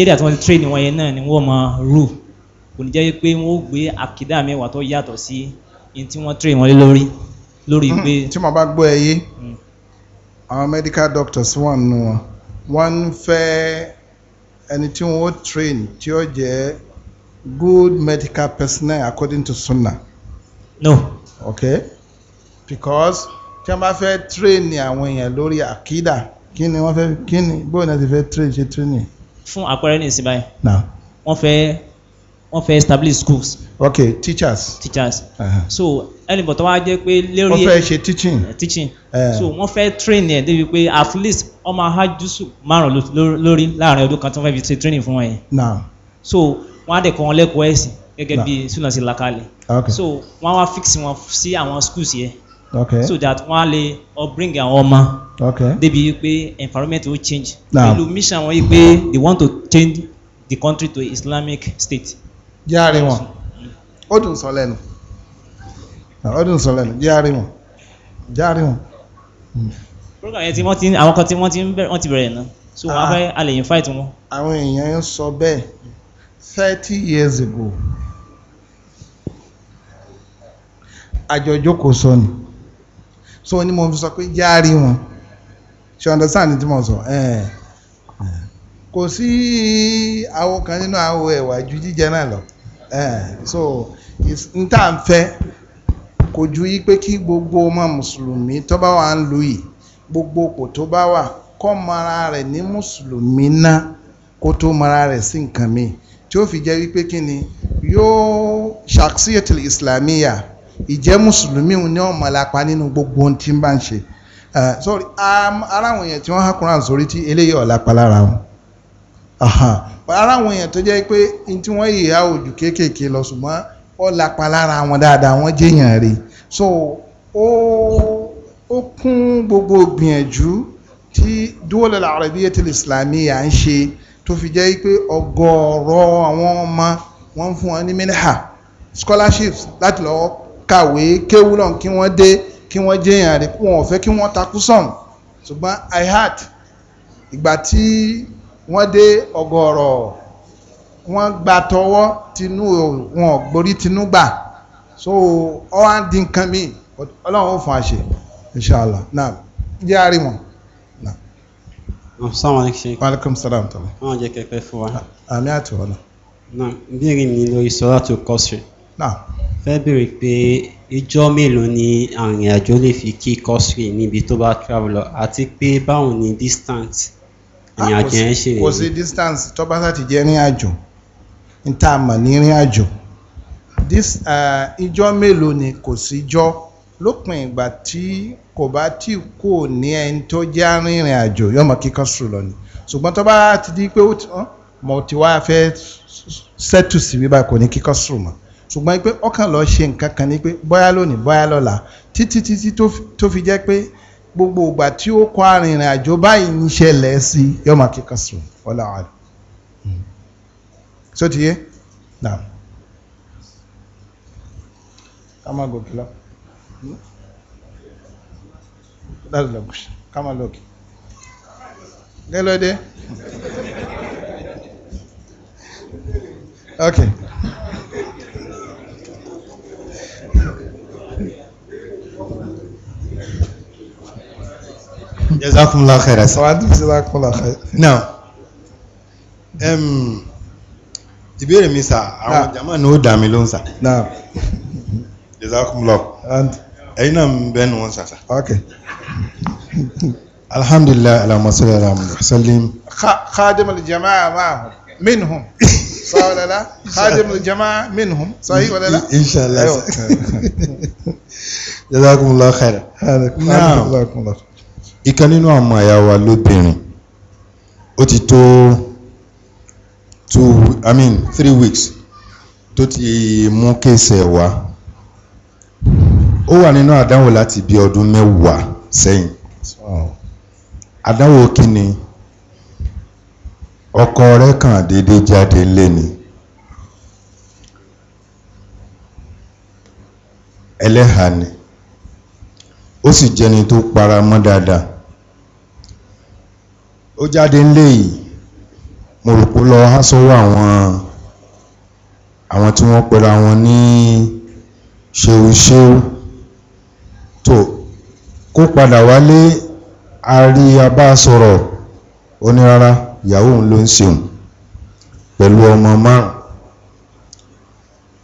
area tí wọ́n ti train wọn yẹn náà ni wọ́n máa rule kò ní jẹ́ pé wọ́n ó gbé akida mẹ́wàá tó yàtọ̀ sí ní tí wọ́n train wọn lé lórí lórí hmm. pé. tí mo bá gbọ́ ẹ yé hmm. àwọn medical doctors wà nù wọn wọ́n ń ẹni tí wọ́n train tí ó jẹ́ good medical personnel according to sunnah. no. okay because tí wọ́n bá fẹ́ train àwọn èèyàn lórí àkídà kí ni wọ́n fẹ́ kí ni bóyá ti fẹ́ train ṣe training. fún àpẹẹrẹ ní ìsinmi báyìí. na wọ́n fẹ́ wọ́n fẹ́ establish schools. ok teachers. teachers. Uh -huh. so ẹnìbọ̀ tó wá jẹ́ pé lórí. wọ́n fẹ́ ṣe teaching. Uh, teaching. Uh. so wọ́n fẹ́ train ẹ̀ débi pé at least ọmọ ahajusu márùn lórí láàrin ọdún kan tí wọ́n fẹ́ fi ṣe training fún wọn yẹn. na. so wọ́n á dẹ̀ kọ́ wọn lẹ́kọ̀ọ́ ẹ̀sìn gẹ́gẹ́ bí sunna sí làkàlẹ̀. ok so wọ́n á wá fix wọn sí àwọn schools yẹn. ok so that wọ́n á lè bring àwọn ọmọ. ok débi pé environment will change. na ìlú mission wọn yìí pé they want to change the country to Islamic state jẹ́ àárín wọn ó dùn sọ lẹ́nu ó dùn sọ lẹ́nu jẹ́ àárín wọn jẹ́ àárín wọn. program yẹn tí wọ́n ti àwọn kan tí wọ́n ti bẹ̀rẹ̀ wọ́n ti bẹ̀rẹ̀ náà so wọ́n á ah. fẹ́ a lè invite wọn. àwọn èèyàn ń sọ bẹ́ẹ̀ thirty years ago àjọjọ́ kò sọ ni so ni mo fi sọ pé jẹ́ wọn ṣe understand ni tí mo sọ ẹ̀ẹ́. Eh kò sí awo kan nínú awo ẹ̀wà ju jíjẹ náà lọ so n tá à ń fẹ́ kò ju yí pé kí gbogbo ọmọ mùsùlùmí tó bá wà ń lu yìí gbogbo kò tó bá wà kọ́ mara rẹ̀ ní mùsùlùmí ná kó tó mara rẹ̀ sí nǹkan mi tí ó fi jẹ́ wípé kí ni yóò ṣàkíyètì ìsìlámíyà ìjẹ́ mùsùlùmí ní ọ̀mọ̀lápá nínú gbogbo ohun tí ń bá ń ṣe sorry aráwọ̀ yẹn tí wọ́n hákùnrin àzórí tí eléyìí ọ̀lápá lára wọn ara àwọn èèyàn tó jẹ́ pé n tí wọ́n yìí á òjò kéékèèké lọ ṣùgbọ́n ó lapa lára wọn dáadáa wọ́n jẹ́yàn rè so ó ó kún gbogbo gbìyànjú tí Duwal al-Arabiyyah al-Islamiyyah à ń ṣe tó fi jẹ́ pé ọgọ́rọ̀ àwọn ọmọ wọ́n ń fún wọn ní minha scholarships láti lọ́ọ́ kàwé kéwú náà kí wọ́n dé kí wọ́n jẹ́yàn rè wọn ò fẹ́ kí wọ́n takú sàn ṣùgbọ́n ihat ìgbà tí wọ́n dé ọgọ́rọ̀ wọ́n gba tọwọ́ tinú wọn gborí tinú gbà so ọwọ́ á di nǹkan mi ọlọ́run ó fún àṣẹ inshàlá náà jẹ́ àárí wọn. sọ́wọ́n ní ṣe. waaleykum salaam tọ́lá. wọ́n jẹ́ kẹ́kẹ́ fún wa. àmì àti ọ̀nà. náà bírin mi lórí sọ́wọ́tò kọ́sì. náà. fẹ́ béèrè pé ìjọ́ mélòó ni arìnrìn àjò lè fi kí kọ́sì níbi tó bá travel lọ àti pé báwo ni distance ìrìn àjò yẹn ṣe rèé. kò sí distance tó bá sá ti jẹ́ ìrìn àjò ní tá mọ̀ ní ìrìn àjò ìjọ eh, mélòó ni kò síjọ́ lópin ìgbà tí kò bá tí kò ní ẹni tó jẹ́ arìnrìn àjò yóò mọ kíkan sùn lọ ni ṣùgbọ́n tó bá ti di pé mo ti wá fẹ́ ṣẹ́tù sí bíbá kò ní kíkan sùn mọ́ ṣùgbọ́n pé ọkàn lọ ṣe nǹkan kan ni pé bóyá lónìí bóyá lọ́la títí títí tó fi jẹ́ pé gbogbo ìgbà tí ó kọ arìnrìn àjò báyìí ń ṣẹlẹ̀ sí yóò máa kí kásù ọlá wa rẹ̀ sótìyé náà ká máa gòkè lọ láti hmm. lọ gòkè ká máa lòkè ok. jazakumullahu khairan. sàwádìí jazakumullahu khairan. now ìbéèrè mi sà àwọn jama ni ó dà mí ló ń sà. now jazakumullahu. ẹyin náà ń bẹ́ẹ̀ ni wọ́n sà sà. okay. alhamdulilayi alamasalli alamasalli. خادم الجماعة معهم منهم صح ولا لا؟ خادم الجماعة منهم صحيح ولا لا؟ إن شاء الله جزاكم الله خيرا نعم ìkan nínú ọmọ ẹ̀yà wa lóbìnrin ó ti tó two i mean three weeks tó ti mú kéèsì ẹ̀ wá ó wà nínú àdánwò láti bí ọdún mẹ́wàá sẹ́yìn àdánwò kínni ọkọ rẹ̀ kàn déédéé jáde lé ni. ẹlẹ́hàá ni ó sì jẹni tó para mọ́ dáadáa ó jáde ńlé yìí mo rò pé lọ há sọ́wọ́ àwọn àwọn tí wọ́n pera wọn ní ṣeúṣeú tó kó padà wálé a rí abá sọ̀rọ̀ ó ní rárá ìyàwó òun ló ń ṣeun pẹ̀lú ọmọ márùn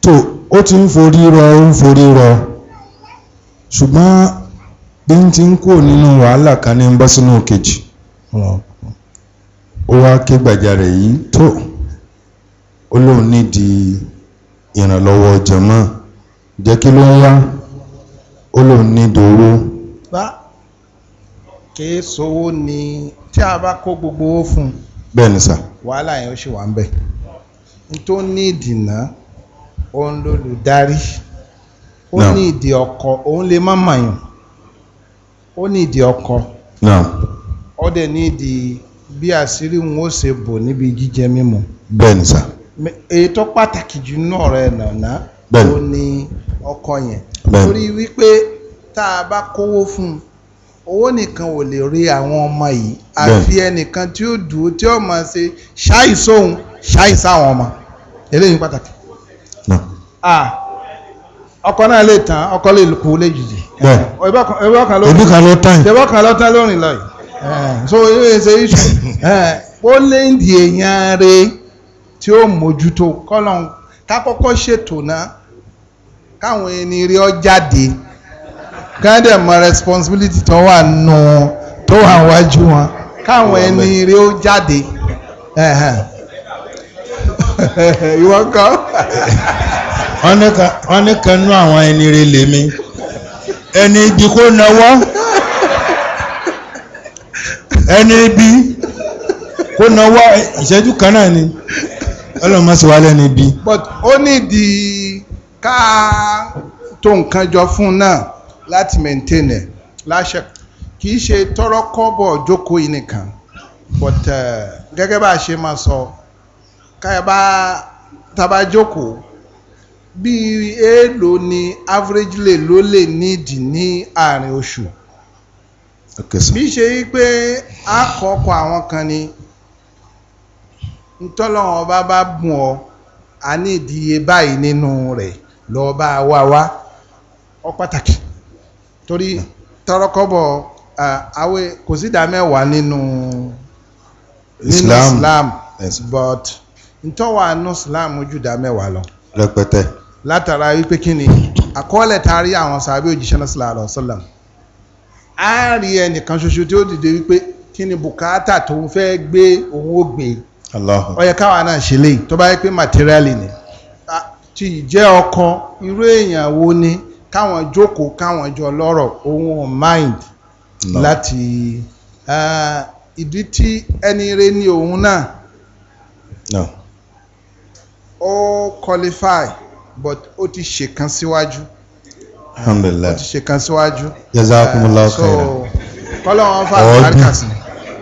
tó ó ti ń forí rọ ó ń forí rọ ṣùgbọ́n bí n ti ń kúrò nínú wàhálà kan ní ń bọ́ sínú kejì ó wá ké gbàjarè yìí tó ó lóun nídìí ìrànlọ́wọ́ jẹ̀mọ́ jẹ́ kí ló ń wá ó lóun nídìí owó. bá kìí sowó ni tí a bá kó gbogbo owó fún un. bẹ́ẹ̀ ni sà. wàhálà yẹn ó sì wà ń bẹ̀ n tó ní ìdìnnà òun lolùdarí ó ní ìdí ọkọ òun lè má màyàn. ó ní ìdí ọkọ ó dẹ̀ ní ìdí bí àṣírí wọn ó ṣe bò níbi jíjẹ mímu. bẹ́ẹ̀ni sà. èyí tó pàtàkì jù náà rẹ nàná ó ní ọkọ yẹn torí wípé tá a bá kówó fún un owó nìkan ò lè rí àwọn ọmọ yìí àfi ẹnìkan tí ó dùn tí ó máa ṣe ṣáì sóhun ṣáì ọmọ eléyìí pàtàkì. ọkọ náà lè tán ọkọ lè kú léjijì. ebi kan ló tán kan ló tán lọ yìí. so ẹ ṣe iṣu <laughs> ó lé èèyàn re tí ó mójútó kọ́lọ́n ká ṣètò náà káwọn ẹni rí ọ jáde káńdẹ̀ mọ responsibility tó wà nù tó wà wájú wọn káwọn ẹni rí jáde. <laughs> <laughs> wọ́n ní kanú àwọn ẹni rẹ lèmi ẹni ibi kó nawọ́ ẹni ibi kó nawọ́ ìṣẹ́jú kan náà ni ọlọ́mọ sì wá ibi. but ó ní di ká tó nǹkan jọ fún náà láti maintain ẹ̀ láṣẹ kì í ṣe tọrọ kọ́bọ̀ jókòó yìí nìkan but eh, gẹ́gẹ́ bá a ṣe máa sọ ká ẹ bá tá bíi èèlò ni average lè ló lè nídìí ní àárín oṣù bí ṣe yí pé àkọ́kọ́ àwọn kan ni ntọ́lọ́wọ́n bá bá bùn ọ́ a ní ìdíye báyìí nínú rẹ̀ lọ́ọ́ bá wá wá ọ pàtàkì torí hmm. tọrọkọ́bọ̀ àwẹ̀ kò sí ìdá mẹ́wàá nínú Islam but ntọ́wọ́ àánú Islam ojú ìdá mẹ́wàá lọ. rẹpẹtẹ látara wípé kí ni àkọọ́lẹ̀ tá a rí àwọn sàbí òjíṣẹ́ náà sallallahu alaihi wasallam á rí ẹnìkan ṣoṣo tí ó dìde wípé kí ni bùkátà tó ń fẹ́ gbé òun ó gbé ó yẹ káwa náà ṣe léyìí tó bá yẹ pé màtírẹ́lì ni ti jẹ́ ọkọ irú èèyàn wo ni káwọn jókòó káwọn jọ lọ́rọ̀ òun mind láti ìdí tí ẹni rẹ ní òun náà ó qualify. No but ó ti ṣèkan síwájú. alhamdulilayi ó ti ṣèkan síwájú. jazakumullahu khairan. kọ́lọ́ wọn fà àlùbáríkà sí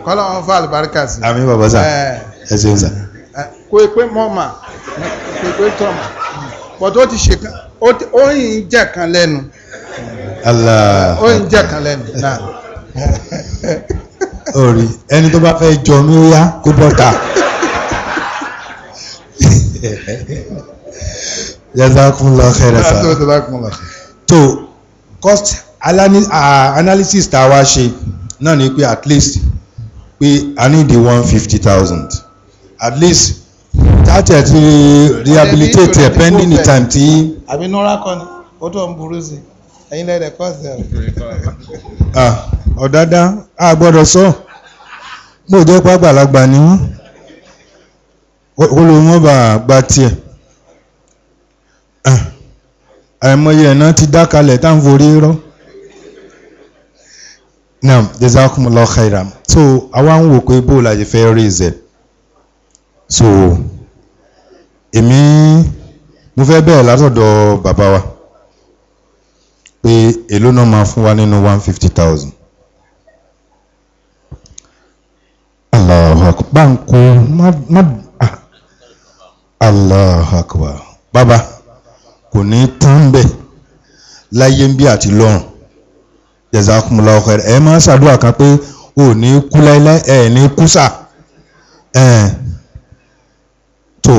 kọ́lọ́ wọn fà àlùbáríkà sí. àmín bàbá sà eh. ẹ ṣeun sà. Eh, kò pé mọ́mà kò pé tọ́mà but ó ti ṣèkan ó yìn jẹ́ kan lẹ́nu. Allah. ó yìn jẹ́ kan lẹ́nu náà <laughs> ẹni tó bá fẹ́ jọ mí ó yá kó bọ́ta. <laughs> jazakumullah khairan sa to cost uh, analysis tá a wá ṣe náà ni pé at least pé i need the one fifty thousand at least that ẹ ti rehabilitate ẹ pending the time ti. àbí nora kan ni ó tó ń burú sí ẹ̀yin lẹ́dẹ̀ kọ́ọ̀sì rẹ̀. ọ̀dádá a gbọ́dọ̀ sọ mo jẹ́ pàgbàlagbà ni wọ́n ó lóun wọ́n bá gba tiẹ̀ àìmọye ẹ̀nà ti dá kalẹ̀ tá à ń forí rọ́ now jazakumullahu khairan so àwa ń wò pé bó la ṣe fẹ́ rí ìzẹ̀ so èmi mo fẹ́ bẹ̀rẹ̀ látọ̀dọ̀ bàbá wa pé èló náà máa fún wa nínú one fifty thousand. Allahu akbar báńkù má má ah, Allahu akbar bàbá kò ní tán bẹ̀ láyé ń bí àti lọ́run jazakumullahu khair ẹ máa ṣàdúrà kan pé ò ní kú láíláí ẹ ní kú sà tó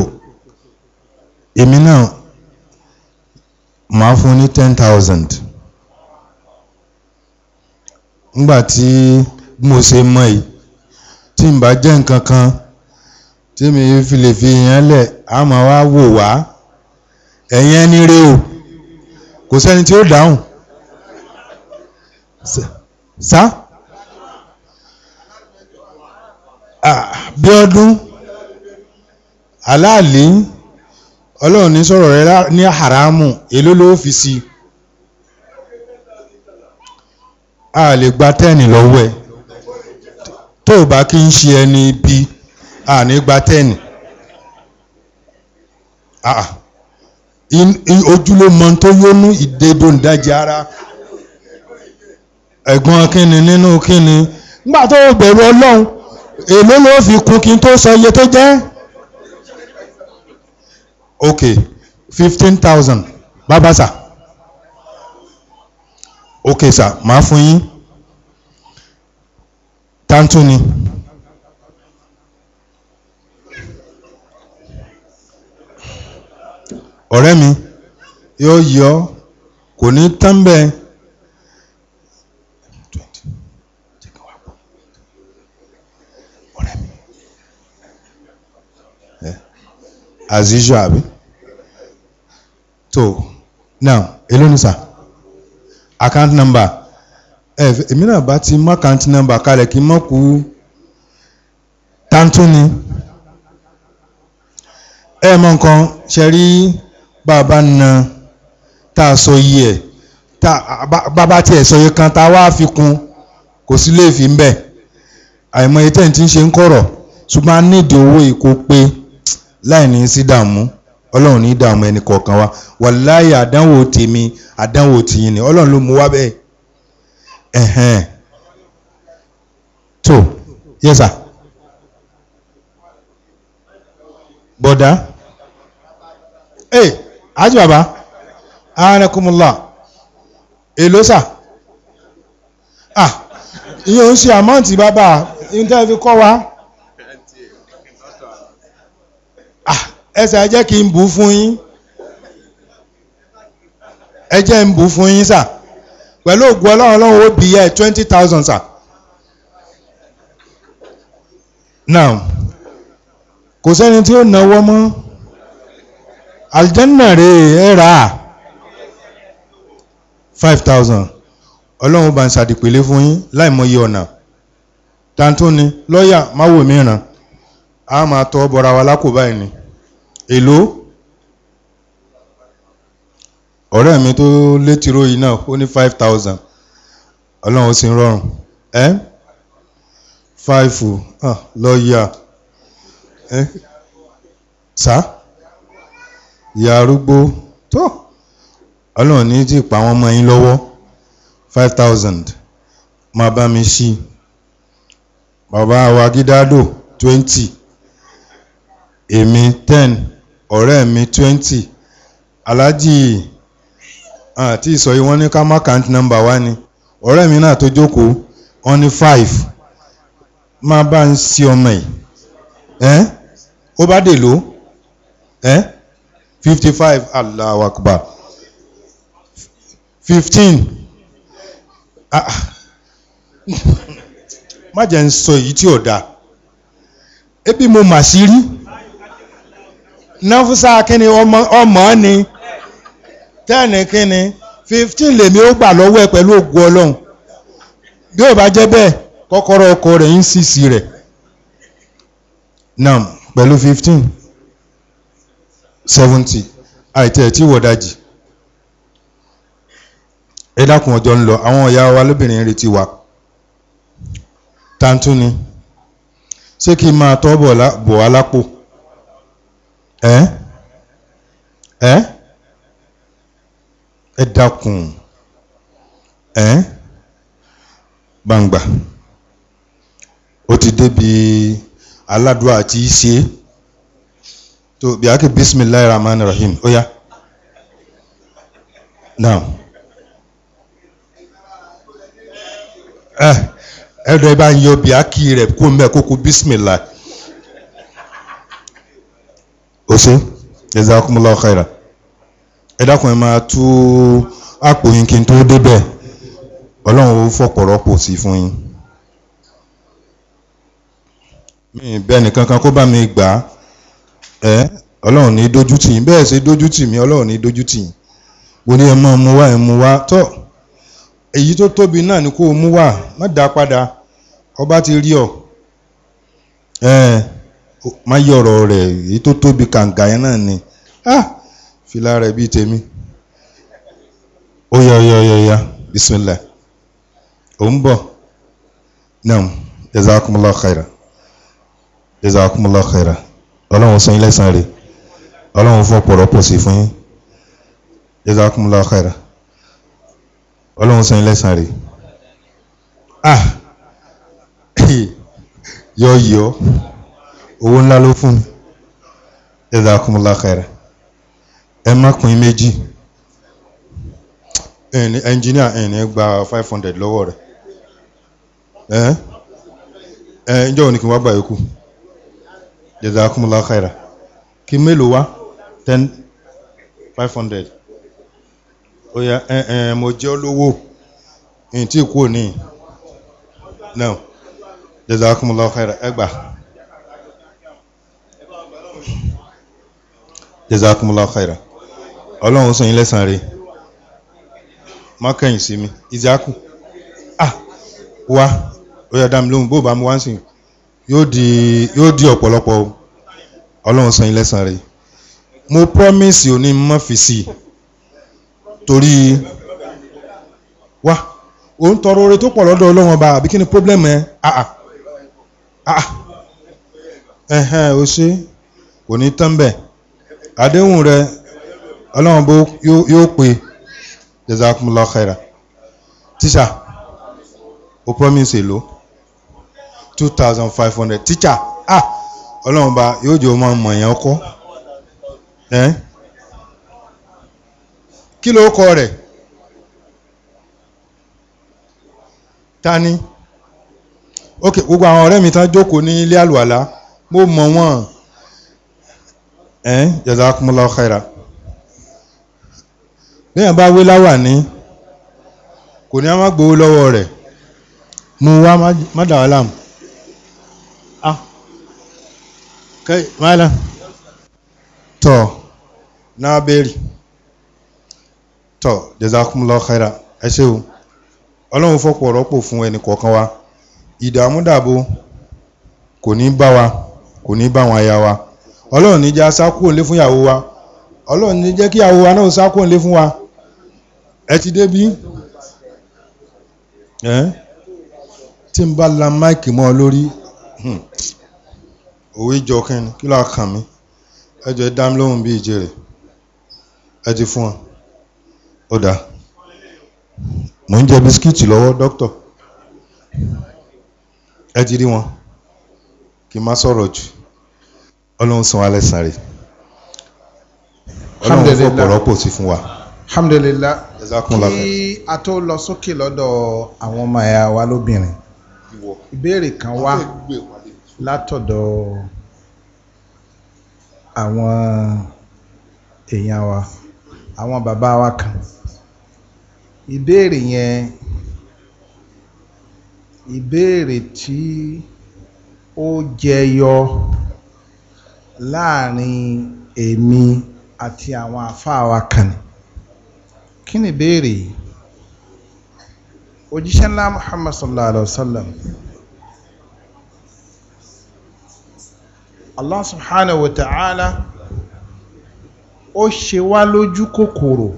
èmi náà màá fún ní ten thousand ngbà tí mo ṣe mọ yìí tí n bá jẹ́ nǹkan kan tí mi fi lè fi yẹn lẹ̀ á máa wá wò wá. ẹ̀yin ẹni rẹ o kò sẹ́ni tí ó dáhùn sá bíọ́dún aláàlí ọlọ́run ní sọ̀rọ̀ rẹ ní haramu èló ló fi sí a lè gba tẹ́ẹ̀nì lọ́wọ́ ẹ tó o bá kí n ṣe ẹni bí a ní gba tẹ́ẹ̀nì. ojúlómọ tó yónú ìdédóńdájì ara ẹ̀gbọ́n kínni nínú kínni nígbà tó bẹ̀rù ọlọ́run èló ló fi kún kí n tó sọ iye tó jẹ́ ok fifteen thousand bàbá sà ok sà máa fún yín tántú ni. ọ̀rẹ́ mi yóò yọ kò ní tán bẹ́ẹ̀. as usual abi so now èló account number ẹ èmi náà bá ti mú account number kalẹ̀ kí n mọ̀ kú tántún ẹ mọ nǹkan ṣe rí bá a bá na tá a sọ yìí ẹ̀ tá a bá tiẹ̀ sọ yìí kan tá a wá fi kún kò sí lè fi ń bẹ̀ àìmọye tẹ́yìn ń ṣe ń kọ̀rọ̀ ṣùgbọ́n a ní ìdí owó ìkó pé láì ní sí dààmú ọlọ́run ní dààmú ẹnì kọ̀ọ̀kan wa wàláyé àdánwò tèmi àdánwò tìyìn ni ọlọ́run ló mú wá bẹ́ẹ̀ ẹ̀hẹ́n tó yẹ́sà bọ́dá. Hey àjì bàbá anakumula èló ah ìyẹn ò ń ṣe àmọ́ǹtì bàbá ìyẹn fi kọ́ wa ah ẹsẹ̀ ẹ jẹ́ kí n bù fún yín ẹ jẹ́ n bù fún yín sà pẹ̀lú ògùn ọlọ́run ọlọ́run ó bì twenty thousand sà now kò sẹ́ni tí ó náwó mọ́ aljanna rè é rà five thousand ọlọ́run bá ń ṣàdìpèlé fún yín láìmọye ọ̀nà tàǹtún ni lọ́ọ̀yà máwò mìíràn a máa tọ́ bọ̀ra wa lákòbá ẹ̀ ni èló ọ̀rẹ́ mi tó létiro yìí náà ó ní five thousand ọlọ́run ó sì ń rọrùn ẹ́ five ah, lọ́ọ̀yà ẹ́ sá. ìyá arúgbó tó ọlọ́run ní tí ìpa yín bá mi sí bàbá wa gídádò twenty èmi ten ọ̀rẹ́ mi twenty aláàjì àti ìsọ̀yí wọn ní ká count number ni ọ̀rẹ́ mi náà tó jókòó wọn ní five máa bá ń sí ọmọ yìí ẹ́ bá dè ló fifty five Allahu Akbar fifteen ah. má jẹ́ ń sọ èyí tí ò dáa ebi mo mà sí rí náfúsá kínní ọmọ ni tẹ́ẹ̀nì kínní fifteen lèmi ó gbà lọ́wọ́ ẹ pẹ̀lú ògùn ọlọ́run bí ó bá jẹ́ bẹ́ẹ̀ kọ́kọ́rọ́ ọkọ rẹ̀ ń sísì rẹ̀ nam pẹ̀lú fifteen seventy àìtí ẹ̀ tí wọ̀dájì ẹ dákun ọjọ́ ń lọ àwọn ìyá wa lóbìnrin retí wa tàǹtù ni ṣé kí n máa tọ́ bọ̀ wá lápò ẹ́ ẹ́ ẹ dákun ẹ́ gbangba ó ti débi aládùá àti í to bi ake bismillahir rahmanir rahim ó yá now eh, ẹ̀rọ ẹ bá ń yọ bi aki rẹ̀ kó mẹ́ kókó bismillah o ṣé jazakumullahu khairan ẹ dákun ẹ máa tú àpò yín kí n tó débẹ̀ ọlọ́run ó fọ̀pọ̀rọ́pọ̀ sí fún mi bẹ́ẹ̀ nìkan kan kó mi gbà ẹ ọlọ́run ní dojú tì yín bẹ́ẹ̀ ṣe dojú tì mí ọlọ́run ní dojú tì yín mo ní ẹ mọ́ mu wá ẹ mu wá tọ́ èyí tó tóbi náà ni kó o mú wá má dá padà ọba ti rí ọ ẹ má yọ̀rọ̀ rẹ̀ èyí tó tóbi kàǹgà yẹn náà ni ah fìlà rẹ̀ bíi tèmi ó yá yá yá yá ò ń bọ̀ naam jazakumullah khaira jazakumullah khaira ọlọ́run san yín lẹ́san rẹ̀ ọlọ́run fún ọ̀pọ̀lọpọ̀ sí fún yín jazakumullahu khaira ọlọ́run san yín lẹ́san rẹ̀ ah <laughs> yọ yọ owó ńlá ló fún mi jazakumullahu khaira ẹ má pín méjì ẹnjìníà ẹni gba five hundred lọ́wọ́ rẹ̀ ẹ ẹ ǹjẹ́ òní kí n wá gbà yòókù jazakumullah khaira kí mélòó wá ten five hundred ó yá ẹ ẹ mo jẹ́ olówó èyí tí kú òní now jazakumullah khaira ẹ gbà jazakumullah khaira ọlọ́run sọ yín lẹ́sàn rẹ̀ má kẹ́yìn sí mi ìzákù ah wá ó yá dá mi lóhùn bó bá mi wá ń sìn yóò di yóò di ọ̀pọ̀lọpọ̀ o ọlọ́run san ilé san rẹ̀ mo promise òní mọ́ fi sí i torí wá ò ń tọrọ oore tó pọ̀ lọ́dọ̀ ọlọ́run ọba àbí kí ni problem ẹ àà àà ẹ̀hẹ́n o ṣe kò ní tán bẹ̀ àdéhùn rẹ ọlọ́run bó yóò pè jazakumullah khaira tíṣà o promise èlò two thousand five hundred teacher ah ọlọ́run ba yóò jẹ́ o máa mọ̀ yẹn kọ́ ẹ́ kí ló kọ rẹ̀ tani ok gbogbo àwọn ọ̀rẹ́ mi tán jókòó ní ilé àlùwàlá mo mọ̀ wọ́n ẹ́ jazakumullahu khaira lẹ́yìn bá wé láwà ní kò ní a má gbowó lọ́wọ́ rẹ̀ mu wá má dàwálàmù. kai malam to na beri to jazakumullahu khaira ẹ ṣé o ọlọ́run fọ́pọ̀ rọ́pò fún ẹnì kọ̀ọ̀kan wa ìdààmú dààbò kò ní bá wa koni ba bá aya wa ọlọ́run ní jẹ́ sákúrò lé fún ìyàwó wa ọlọ́run ní jẹ́ kí ìyàwó wa náà sákúrò lé fún wa ẹ ti débí tí n bá la máìkì mọ́ ọ hmm, òwe jọ kẹ́ni kí ló kàn mí ẹ jọ ẹ dá mi lóhùn bí ìjẹrè ẹ ti fún ọ ó dáa mò ń jẹ bisikíìtì lọ́wọ́ dókítọ̀ ẹ ti rí wọn kí n má sọ̀rọ̀ jù ọlọ́run san alẹ́ sàn rè ọlọ́run fọ́ pọ̀rọ́pọ̀ sí fún wa. alhamdulilah kí a tó lọ sókè lọ́dọ̀ àwọn ọmọ ẹ̀yà wa lóbìnrin ìbéèrè kan wá látọ̀dọ̀ àwọn èèyàn wa àwọn bàbá wa kan ìbéèrè yẹn ìbéèrè tí ó jẹyọ láàrin èmi àti àwọn àfáà wa kan kí ni ìbéèrè yìí òjíṣẹ́ ńlá Muhammad sallallahu alaihi wa sallam. Allah subhanahu wa ta'ala ó ṣe wá lójú kòkòrò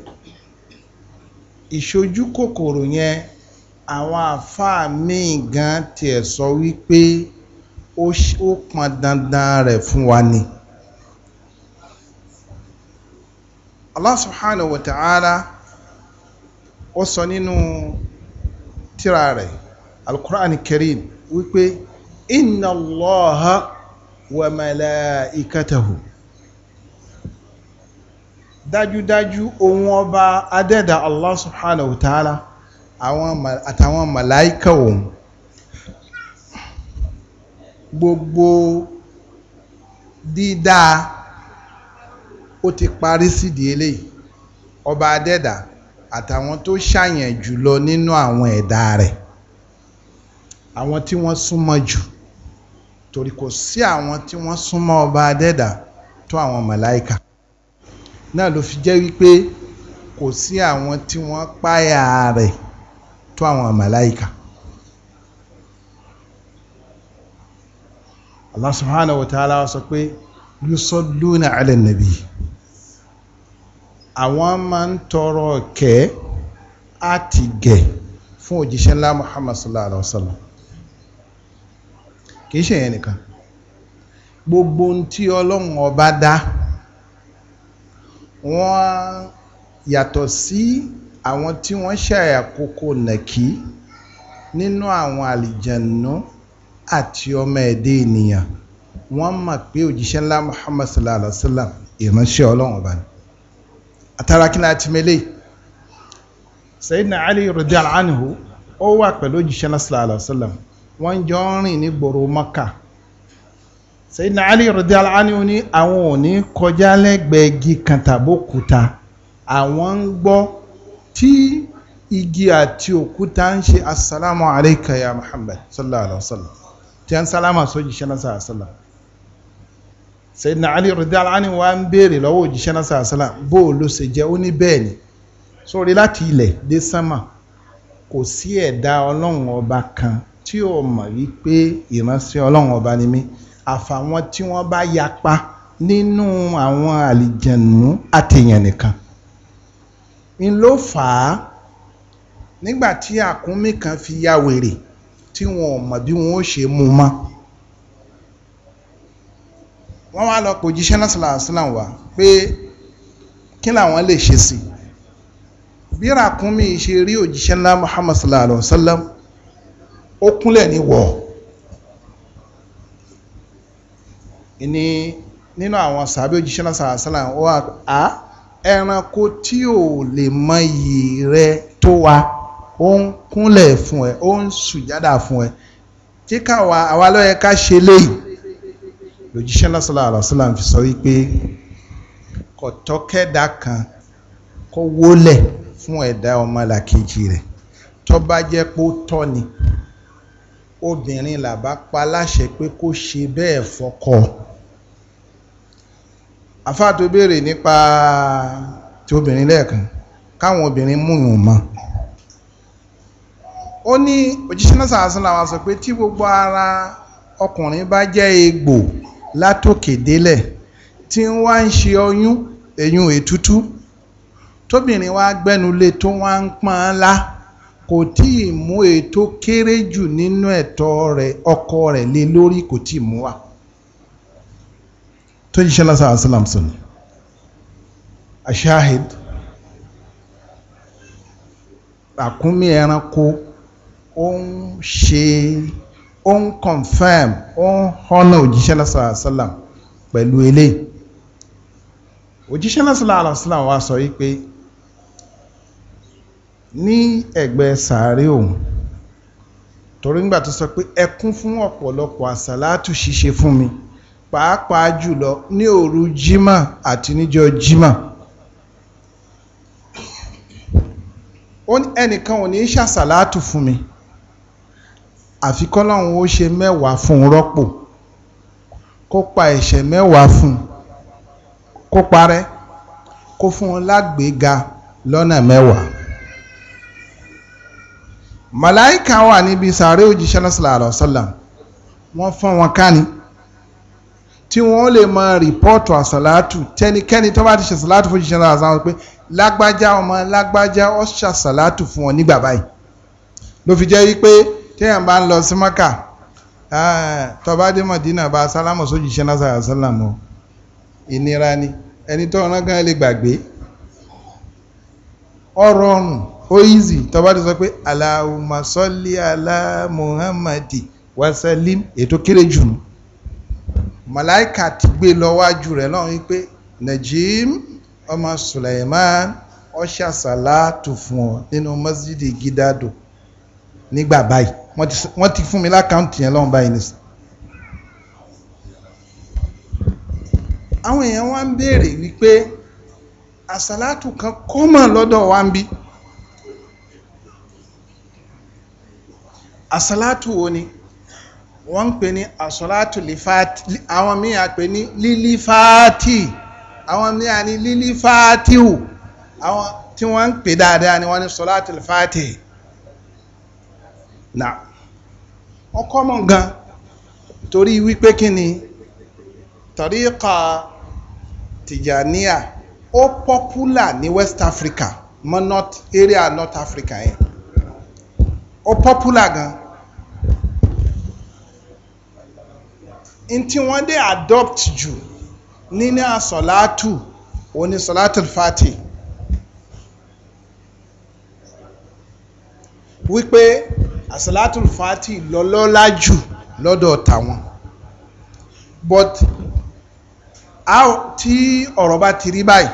ìṣojú kòkòrò yẹn àwọn àfáà míì gan tiẹ̀ sọ wípé ó pọn dandan rẹ̀ fún wa ni. Allah subhanahu wa ta'ala ó sọ nínú tírà rẹ̀ al-Qur'an al wípé inna Allaha wa malaikatahu dájúdájú ohun ọba adẹ́dà Allah subhanahu wa ta'ala àtàwọn màláíkà òun gbogbo dídáa ó ti parí sídìí eléyìí ọba adẹ́dà àtàwọn tó ṣàyàn jùlọ nínú àwọn ẹ̀dá rẹ̀ àwọn tí wọ́n súnmọ́ jù torí kò sí àwọn tí wọ́n súnmọ́ ọba adẹ́dà tó àwọn màláìka náà ló fi jẹ́ wípé kò sí àwọn tí wọ́n páyà rẹ̀ tó àwọn màláìka. Allah subhanahu wa ta'ala sọ pé yusalluna ala nabi àwọn máa ń tọrọ kẹ́ àtìgẹ̀ fún òjíṣẹ́ ńlá Muhammad sallallahu alaihi wa sallam kì í ṣe yẹn nìkan gbogbo ohun tí ọlọ́run ọba dá wọ́n yàtọ̀ sí àwọn tí wọ́n ṣàkókò nàkí nínú àwọn àlìjànú àti ọmọ ẹ̀dẹ́ ènìyàn wọ́n mọ̀ pé òjíṣẹ́ ńlá Muhammad sallallahu alaihi wa sallam ìránṣẹ́ ọlọ́run ọba ni àtàrà kí ni a ti mẹ́lẹ̀ Sayyidina Ali radiyallahu anhu ó wà pẹ̀lú òjíṣẹ́ ńlá sallallahu alaihi wa sallam wọ́n ń jọ rìn ní gbòòrò mọ́kà Sayyidina Ali radiyallahu anhu ní àwọn ò ní kọjá lẹ́gbẹ̀ẹ́ igi kan tàbókúta àwọn ń gbọ́ tí igi àti òkúta ń ṣe assalamu alayka ya Muhammad sallallahu alaihi wasallam tí a ń sálámà sójì ṣẹ́nàṣà àṣálà Sayyidina Ali radiyallahu anhu wa ń béèrè lọ́wọ́ òjìṣẹ́ náà sàṣálà bó o ṣe jẹ́ ó ní bẹ́ẹ̀ ni sórí láti ilẹ̀ dé sánmà kò sí ẹ̀dá ọlọ́run ọba kan tí o mọ̀ wípé ìránṣẹ́ ọlọ́run ọba ni mí àfàwọn tí wọ́n bá yapa nínú àwọn àlìjẹ̀nù àtẹ̀yàn nìkan n ló fà á nígbà tí àkúnmí kan fi ya wèrè tí wọn ò mọ̀ bí wọn ó ṣe mú mọ́ wọ́n wá lọ pò jíṣẹ́ náà sọ̀rọ̀ àṣìláàn wá pé kí làwọn lè ṣe sí bí ràkúnmí ṣe rí òjíṣẹ́ ńlá Muhammad sallallahu alaihi wa sallam ó kúnlẹ̀ ní wọ̀ ní nínú àwọn sàbí òjíṣẹ́ náà sàrásàlà ó wà á ẹranko tí ò lè mọ iyì rẹ tó wa ó ń kúnlẹ̀ fún ẹ ó ń sùjádà fún ẹ tí káwa àwa lọ́yẹ ká ṣe léyìí lòjíṣẹ́ náà sàlá àlọ́sàlà fi sọ wípé kọ̀tọ́kẹ́dà kan kó wólẹ̀ fún ẹ̀dá ọmọlàkejì rẹ̀ tó bá jẹ́ pé ó tọ́ ni obìnrin làbá pa láṣẹ pé kó ṣe bẹ́ẹ̀ fọ́kọ àfáà tó béèrè nípa ti obìnrin lẹ́ẹ̀kan káwọn obìnrin mú yùn mọ́ ó ní òjíṣẹ́ náà sàásán làwọn sọ pé tí gbogbo ara ọkùnrin bá jẹ́ egbò látòkè délẹ̀ tí ń wá ń ṣe ọyún èyún ètútú tóbìnrin wá gbẹ́nu lé tó wá ń pọ́n án kò tí mú ètò kéré jù nínú ẹ̀tọ́ rẹ̀ ọkọ rẹ̀ lé lórí kò tí mú wa tó jíṣẹ́ lásán àṣìlám sọ̀nì ashahid àkúnmí ẹranko ó ń ṣe ó ń confirm ó ń họ́nà òjíṣẹ́ lásán àṣìlám pẹ̀lú eléyìí òjíṣẹ́ lásán àṣìlám wa sọ yìí pé ní ẹ̀gbẹ́ sàárè òun torí ńgbà tó sọ pé ẹkún fún ọ̀pọ̀lọpọ̀ àsàlátù ṣíṣe fún mi pàápàá jùlọ ní òru jímà àti níjọ́ jímà ẹnìkan ò ní ṣàsàlátù fún mi àfi kọ́lọ́hún ó ṣe mẹ́wàá fún un rọ́pò kó pa ẹ̀ṣẹ̀ mẹ́wàá fún un kó parẹ́ kó fún un lágbèéga lọ́nà mẹ́wàá màláìka wà níbi sàárẹ̀ òjíṣẹ́ náà sallallahu alaihi wasallam wọ́n fọ́n wọn ká ni tí wọ́n lè máa rìpọ́ọ̀tù àsàlátù tẹnikẹ́ni tó bá ti ṣe sàlátù fún òjíṣẹ́ náà àzáwọn pé lágbájá ọmọ lágbájá ó ṣàsàlátù fún wọn nígbà báyìí ló fi jẹ́ wípé téèyàn bá ń lọ sí Mákà tó Mọ̀dínà bá sálámù sójíṣẹ́ náà sallallahu ìnira ni ẹni tó rán gan lè gbàgbé ọ̀rọ̀ ọ̀rùn ó easy tó bá ti sọ pé Allahumma salli ala Muhammadi wasalim ètò kéré jù nù màláìkà ti gbé lọ́wájú rẹ̀ lọ́run wípé Najim ọmọ Sulaiman ọṣà sàlátù fún ọ nínú masjidi gidado nígbà báyìí wọ́n ti fún mi lákàntì yẹn lọ́run báyìí nìsín. àwọn èèyàn wá ń béèrè wípé àsàlátù kan kọ́mọ̀ lọ́dọ̀ wa ń bí. Asalatu woni, ni wọ́n ń pè ní àsálátù lífàtì àwọn míì á pè ní lílífàtì àwọn míì á ní lílífàtìwù àwọn tí wọ́n ń pè dáadáa ni wọ́n ní sọ́látù lífàtì náà gan torí wípé kí ni tọ́ríkà tìjàníà ó pọ́pùlà West Africa mọ́ area North Africa yẹn. Eh ó popular gan n tí wọ́n dé adopt jù nínú àsọ̀látù òní sọ̀látù fati wípé àsọ̀látù fati lọ́lọ́lá jù lọ́dọ̀ tàwọn but tí ọ̀rọ̀ bá ti rí báyìí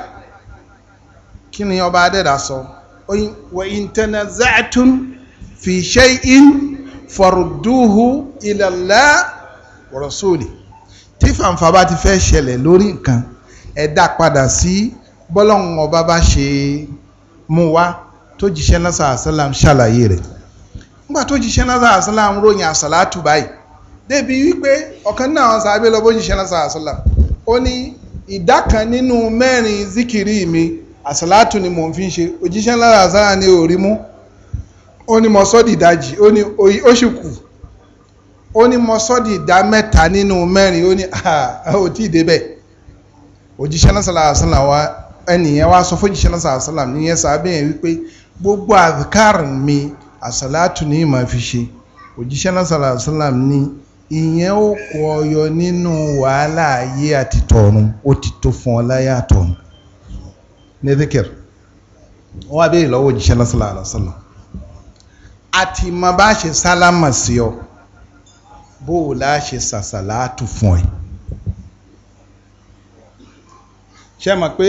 kí ni ọba adẹ́dà sọ wa in tanaza'tum fi shay'in farudduhu ila Allah wa rasuli tí fàǹfà bá ti fẹ́ ṣẹlẹ̀ lórí nǹkan ẹ dá padà sí bọ́lọ́hún ọba bá ṣe mú wá tó jíṣẹ́ lásà àṣálàm ṣàlàyé rẹ̀ nígbà tó jíṣẹ́ lásà àṣálàm ròyìn àṣàlátù báyìí débi wípé ọ̀kan náà wọn sàábé lọ bó jíṣẹ́ lásà àṣálàm ó ní ìdá kan nínú mẹ́rin zikiri mi àṣàlátù ni mò ń fi ṣe òjíṣẹ́ lásà àṣálàm ni ò mú ó ní mo sọ di ìdajì ó ní oyi ó sì kù ó ní mo sọ di ìdá mẹ́ta nínú mẹ́rin ó ní ò tí ì débẹ̀ òjíṣẹ́ náà sàlàyé àṣàlà wa ẹnìyẹn wá sọ fójíṣẹ́ náà sàlàyé àṣàlà níyẹn sábẹ́yẹn wípé gbogbo àfikàr mi àṣàlátù ní ìmọ̀ fi ṣe òjíṣẹ́ náà sàlàyé àṣàlà ní ìyẹn ó kọ ọyọ nínú wàhálà ayé àti tọ̀run ó ti tó fún ọ láyé àtọ̀run ní dìkìr wá béèrè lọ́wọ́ òjíṣẹ́ náà sàlàyé àṣàlà àti mọ bá ṣe sálámà sí ọ bó o lá ṣe sàṣàláàtù fún ẹ ṣe mọ̀ pé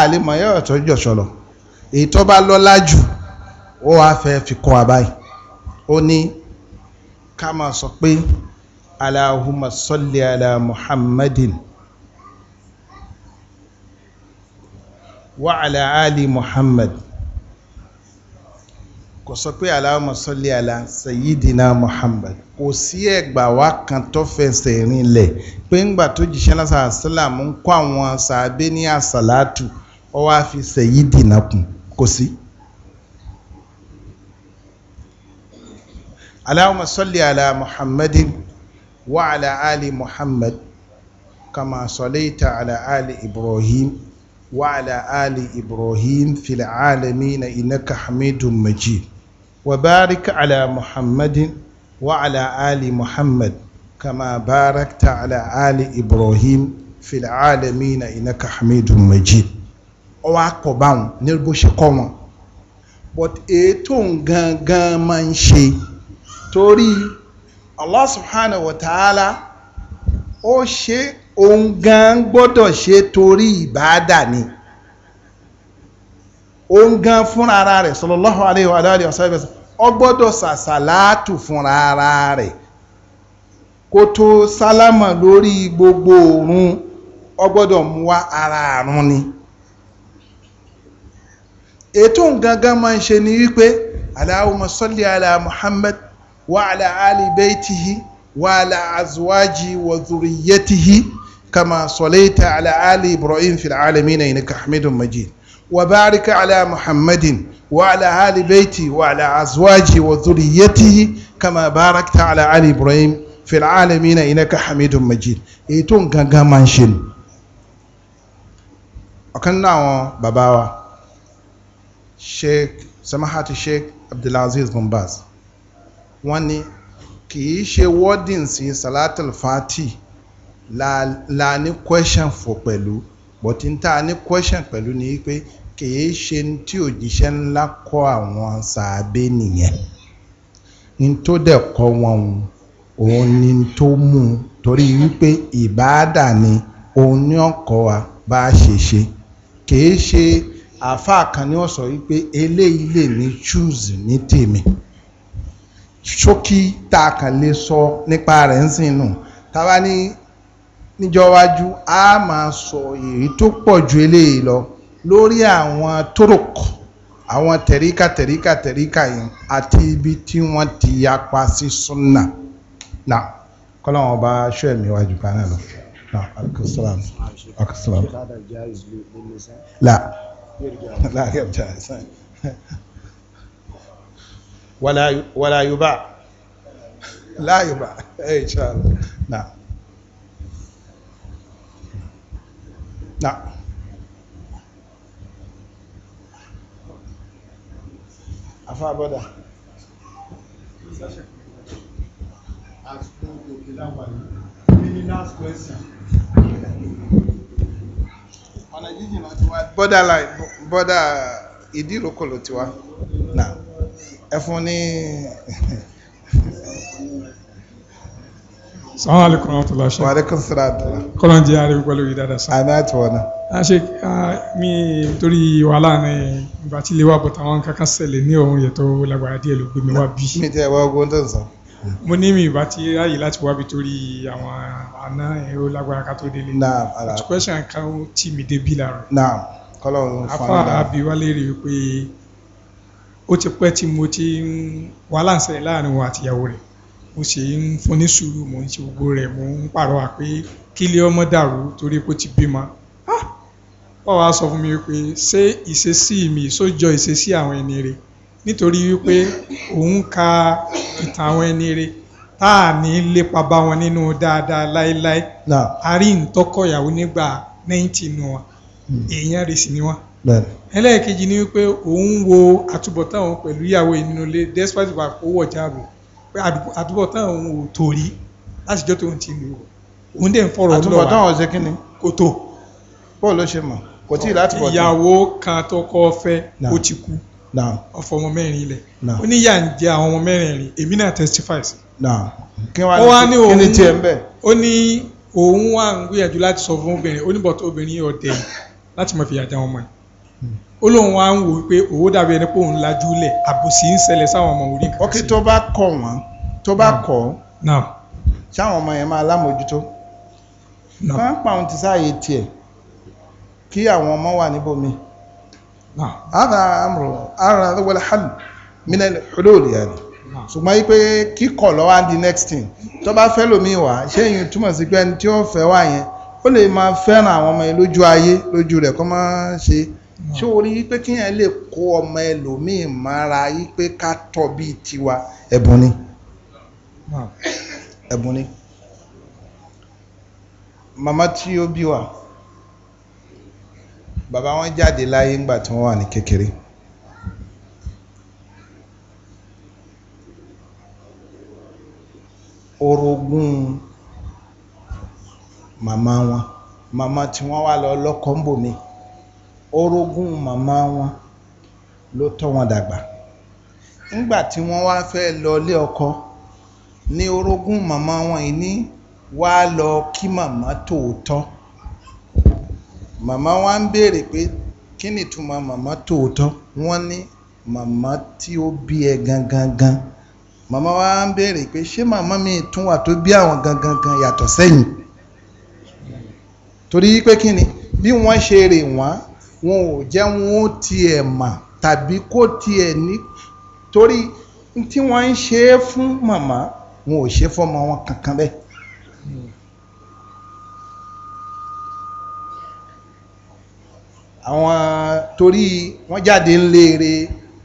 àlemọ̀ yóò tó jọ̀ṣọ́ lọ èyí tó bá lọ́lá jù ó wàá fẹ́ fi kọ́ wa báyìí ó ní ká máa sọ pé aláhùmá sọ́lẹ̀ alá muhammadin wa ali muhammad kò sọ pé Allahumma salli ala sayyidina Muhammad kò sí ẹgbà wá kan tó fẹsẹ̀ rinlẹ̀ pé ńgbà tó jíṣẹ́ lásà àṣàlámù ń kó àwọn sàábé ní àṣàlátù ó wá fi sayyidina kún kò sí. Allahumma salli ala Muhammadin wa ala ali Muhammad kama sallaita ala ali Ibrahim wa ala ali Ibrahim fil alamina innaka hamidun majid. وبارك على محمد وعلى آل محمد كما باركت على آل إبراهيم في العالمين إنك حميد مجيد ọwọ́ àpọ̀báwọn ní bó ṣe kọ́ wọn but ètò gangan máa ń ṣe torí Allah subhanahu wa ta'ala ó ṣe òun gan gbọ́dọ̀ ṣe torí ìbáadà ni òun gan fúnra rẹ̀ sallallahu alayhi wa alihi wa sallam ọ gbọ́dọ̀ ṣàṣàláàtù fúnra ara rẹ̀ kó tó sálámà lórí gbogbo òrun ọ gbọ́dọ̀ mú wá ara àrùn ni ètò gangan máa ń ṣe ni wípé Allahumma salli ala Muhammad wa ala ali baitihi wa ala azwaji wa dhurriyyatihi kama sallaita ala ali Ibrahim fil alamin innaka hamidun majid wa barika ala Muhammadin وعلى آل بيتي وعلى أزواجي وذريتي كما باركت على آل إبراهيم في العالمين إنك حميد مجيد إيتون غانغا مانشين ọ̀kan náà bàbá wa sheikh samahati sheikh abdulaziz bombaz wọ́n ní kì í ṣe wọ́dìn sí salatul fati la, la ní question fò pẹ̀lú but n ta ní question pẹ̀lú ni pé kìí ṣe tí òjíṣẹ́ ńlá kọ́ àwọn sàábé nìyẹn ní tó dẹ̀ kọ́ wọn òun ni tó mú un torí wípé ìbáàdà ni òun ní ọkọ̀ wa bá ṣe ṣe kìí ṣe àáfàá kan ni wọ́n sọ wípé eléyìí lè ní choose ní tèmi ṣókí tá a kàn lè sọ nípa rẹ̀ ń sìn nù táwa ní níjọ́ a máa sọ èyí tó pọ̀ ju eléyìí lọ lórí àwọn tóròkù àwọn tẹ̀ríkà tẹ̀ríkà tẹ̀ríkà yìí àti ibi tí wọ́n ti yapa sí súnà náà kọ́láwọn bá ṣọ́ ẹ̀mí wájú kan náà lọ. Akusalam. Akusalam. La. La yabja. Wala wala yuba. La àfáà bọ́dà ọ̀nà jíjìn náà ti wá borderline border ìdíròkò ló ti wá ẹ fún ní. <laughs> Assalamu alaikum warahmatullahi ṣe. Wa alaikum salaam. Kọ́lọ́n jẹ́ àríwí pẹ̀lú yìí dáadáa sá. Àná àti wọ̀nà. A ṣe mi torí wàhálà ni ìgbà tí ilé wa bọ̀ táwọn kankan ṣẹlẹ̀ ní òun yẹtọ̀ lágbára díẹ̀ ló gbé mi wá bí. Mi tẹ́ ẹ wá ogun tó ń sọ. Mo ní mi ìbá ti ráyè láti wá bi torí àwọn àná ẹ̀rọ lágbára ká tó délé. Naam ala. Question kan tí mi dé bí láàrọ̀. Naam kọ́lọ́run fún mi. Afa abiwale rè pé mo sì ń fún ní sùúrù mo ń ṣe gbogbo rẹ̀ mo ń pàrọwà pé kílé ọmọ dàrú torí pé ti bímọ wọ́n ah! wá sọ fún mi wípé ṣé ìṣesí mi sójọ ìṣesí àwọn ẹni rẹ̀ nítorí wípé òun ka ìtàn àwọn ẹni rẹ̀ tá à ní lépa bá wọn nínú dáadáa láéláé a rí ntọ́kọ̀yàwó nígbà náìtì nù wọn hmm. èèyàn rẹ̀ sì ni wọn. ẹlẹ́ẹ̀kejì ni wípé òun wo àtúbọ̀tán pẹ̀lú ìyàwó yìí despite wà kó wọ̀ jáàbù pé àtúbọ̀tán òun ò torí lásìjọ́ tó ń ti lò òun dẹ̀ ń fọ̀rọ̀ lọ́wọ́ àtúbọ̀tán ọ̀sẹ̀ kí ni kò tó bọ́ọ̀lù ṣe mọ̀ kò tí ì láti bọ̀ tán ìyàwó kan tó kọ́ fẹ́ ó ti kú ọ̀fọ̀ ọmọ mẹ́rin ilẹ̀ ó ní yà ń jẹ àwọn ọmọ mẹ́rin rìn èmi náà testify sí. ó wá ní òun ó ní òun wà ń gbìyànjú láti sọ fún obìnrin ó ní bọ̀tọ̀ obìnrin ọ̀dẹ̀ láti mọ̀ fìyà já wọn mọ́ ẹ̀ ó lóun wá ń wò pé òwò dàbí ẹni pé òun lajú lẹ̀ àbòsí ń ṣẹlẹ̀ sáwọn ọmọ orí nǹkan sí. ok tó bá kọ̀ wọ́n tó bá kọ̀ ọ́ sáwọn ọmọ yẹn máa lámòjútó máa ń pa àwọn ti sáàyè tiẹ̀ kí àwọn ọmọ wà níbòmí. ara amúrò ara wọlé hàlù mílẹ̀ olóòlù yà ni ṣùgbọ́n yí pé kíkọ̀ lọ́wọ́ á di next thing tó bá fẹ́ lómi wá ṣé èyí túmọ̀ sí pé ẹni tí ó fẹ́ wá yẹn ó lè máa fẹ́ràn àwọn ọmọ yẹn lójú ayé lójú rẹ̀ kó máa ṣe é Ah. ṣó o rí i pé kíyàn lè kó ọmọ ẹlòmíì mára yìí pé ká tọ́ bíi tiwa ẹ̀bùn ni ah. ẹ̀bùn ni mama tí ó bí wa bàbá wọn jáde láyé ńgbà tí wọ́n wà ní kékeré. orogún màmá wọn màmá tí wọ́n wà lọ lọ́kọ ń bò mí. orogun màmá wọn ló tọ́ wọn dàgbà nígbà tí wọ́n wá fẹ́ lọ ilé ọkọ ní orogun màmá wọn yìí ní wá lọ kí màmá tòótọ́ màmá wa bere béèrè pé kí ni ìtumọ̀ màmá tòótọ́ wọ́n ní màmá tí ó bí ẹ gangan gan màmá wa ń béèrè pé ṣé màmá mi tún wà tó bí àwọn gangan gan yàtọ̀ sẹ́yìn torí pé kí ni bí wọ́n ṣe rè wọ́n wọn ò jẹ́ wọn ó tiẹ̀ mà tàbí kó tiẹ̀ ní torí tí wọ́n ń ṣe é fún màmá wọn ò ṣe fọ́mọ wọn kankan bẹ́ẹ̀. àwọn torí wọ́n jáde ńlẹ́ẹ̀rẹ́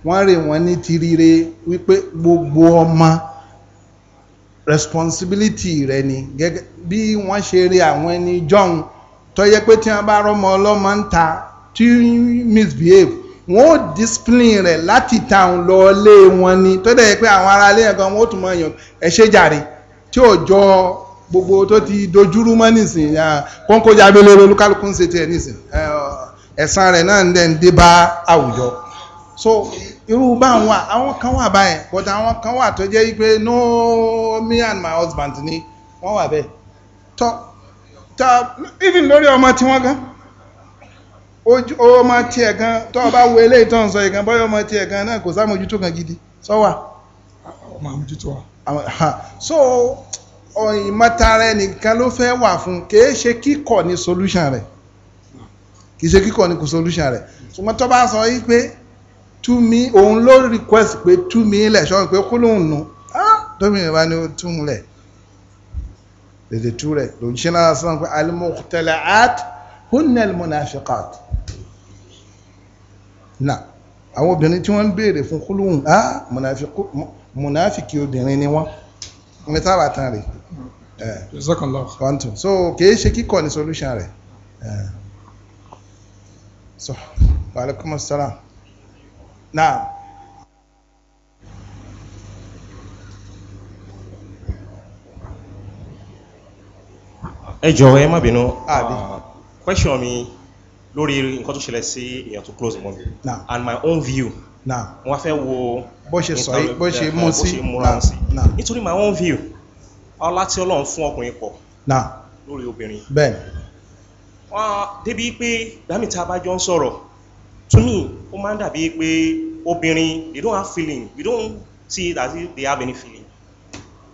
wọ́n rè wọ́n ní tirire wípé gbogbo ọmọ responsibility rẹ ni gẹ́gẹ́ bí wọ́n ṣe rí àwọn ẹni jọ̀hún tó pé tí wọ́n bá rọ́mọ ọlọ́mọ ń ta tí misbehave wọn ò discipline rẹ̀ láti tàn lọ lé wọn ni tó dẹ̀ pé àwọn ará ilé ẹ̀kan wọn ò tún mọ èèyàn ẹ̀ ṣe jàre tí ò jọ gbogbo tó ti dojúrú mọ́ nísìn kónkó jábélé olúkálùkù ń ṣe tiẹ̀ nísìn ẹ̀san rẹ̀ náà ń dẹ̀ ń dé bá àwùjọ so irú bá àwọn àwọn kan wà báyẹn but àwọn kan wà tó jẹ́ wípé no me and my husband ni wọ́n wà bẹ́ẹ̀ tọ́ tọ́ even lórí ọmọ tí wọ́n gan ọmọ tiẹ̀ gan tó bá wo eléyìí tó ń sọ ìgan bọ́yọ̀ ọmọ tiẹ̀ gan náà kò sámójútó kan gidi sọ́wà ọmọ àmójútó wa. so ìmọ̀tara ẹnìkan ló fẹ́ wà fún kìí ṣe kíkọ̀ ní solution rẹ̀ kìí ṣe kíkọ̀ ní solution rẹ̀ ṣùgbọ́n tó bá sọ yí pé òun ló request pé tú mi lẹ̀ ṣọ́ pé kó lóun nù tómìnira bá ní ó tún lẹ̀ dèdè tú rẹ̀ lòun ṣe náà sọ pé al-mukhtala'at hunna al-munafiqat là àwọn obìnrin tí wọ́n ń béèrè fún kúlùhùn á mùnáfìkì obìnrin ni wọ́n ní táwa tán rè eh. so kìí ṣe kíkọ ní solution rẹ̀ eh. so wàlẹ́kùmọ̀ sọ́ra náà. ẹ jọ̀wọ́ ẹ má bínú ah, question mi lórí nǹkan tó ṣẹlẹ̀ sí èèyàn tó close mọ́ mi and my own view wọ́n fẹ́ wo bó ṣe sọ yìí bó ṣe mú eh, sí nítorí my own view ọlá tí ọlọ́run fún ọkùnrin pọ̀ lórí obìnrin bẹ́ẹ̀ wọ́n débi pé gbàmí tá a bá jọ ń sọ̀rọ̀ to me ó máa ń dàbí pé obìnrin they don't have feeling we don't see that they have any feeling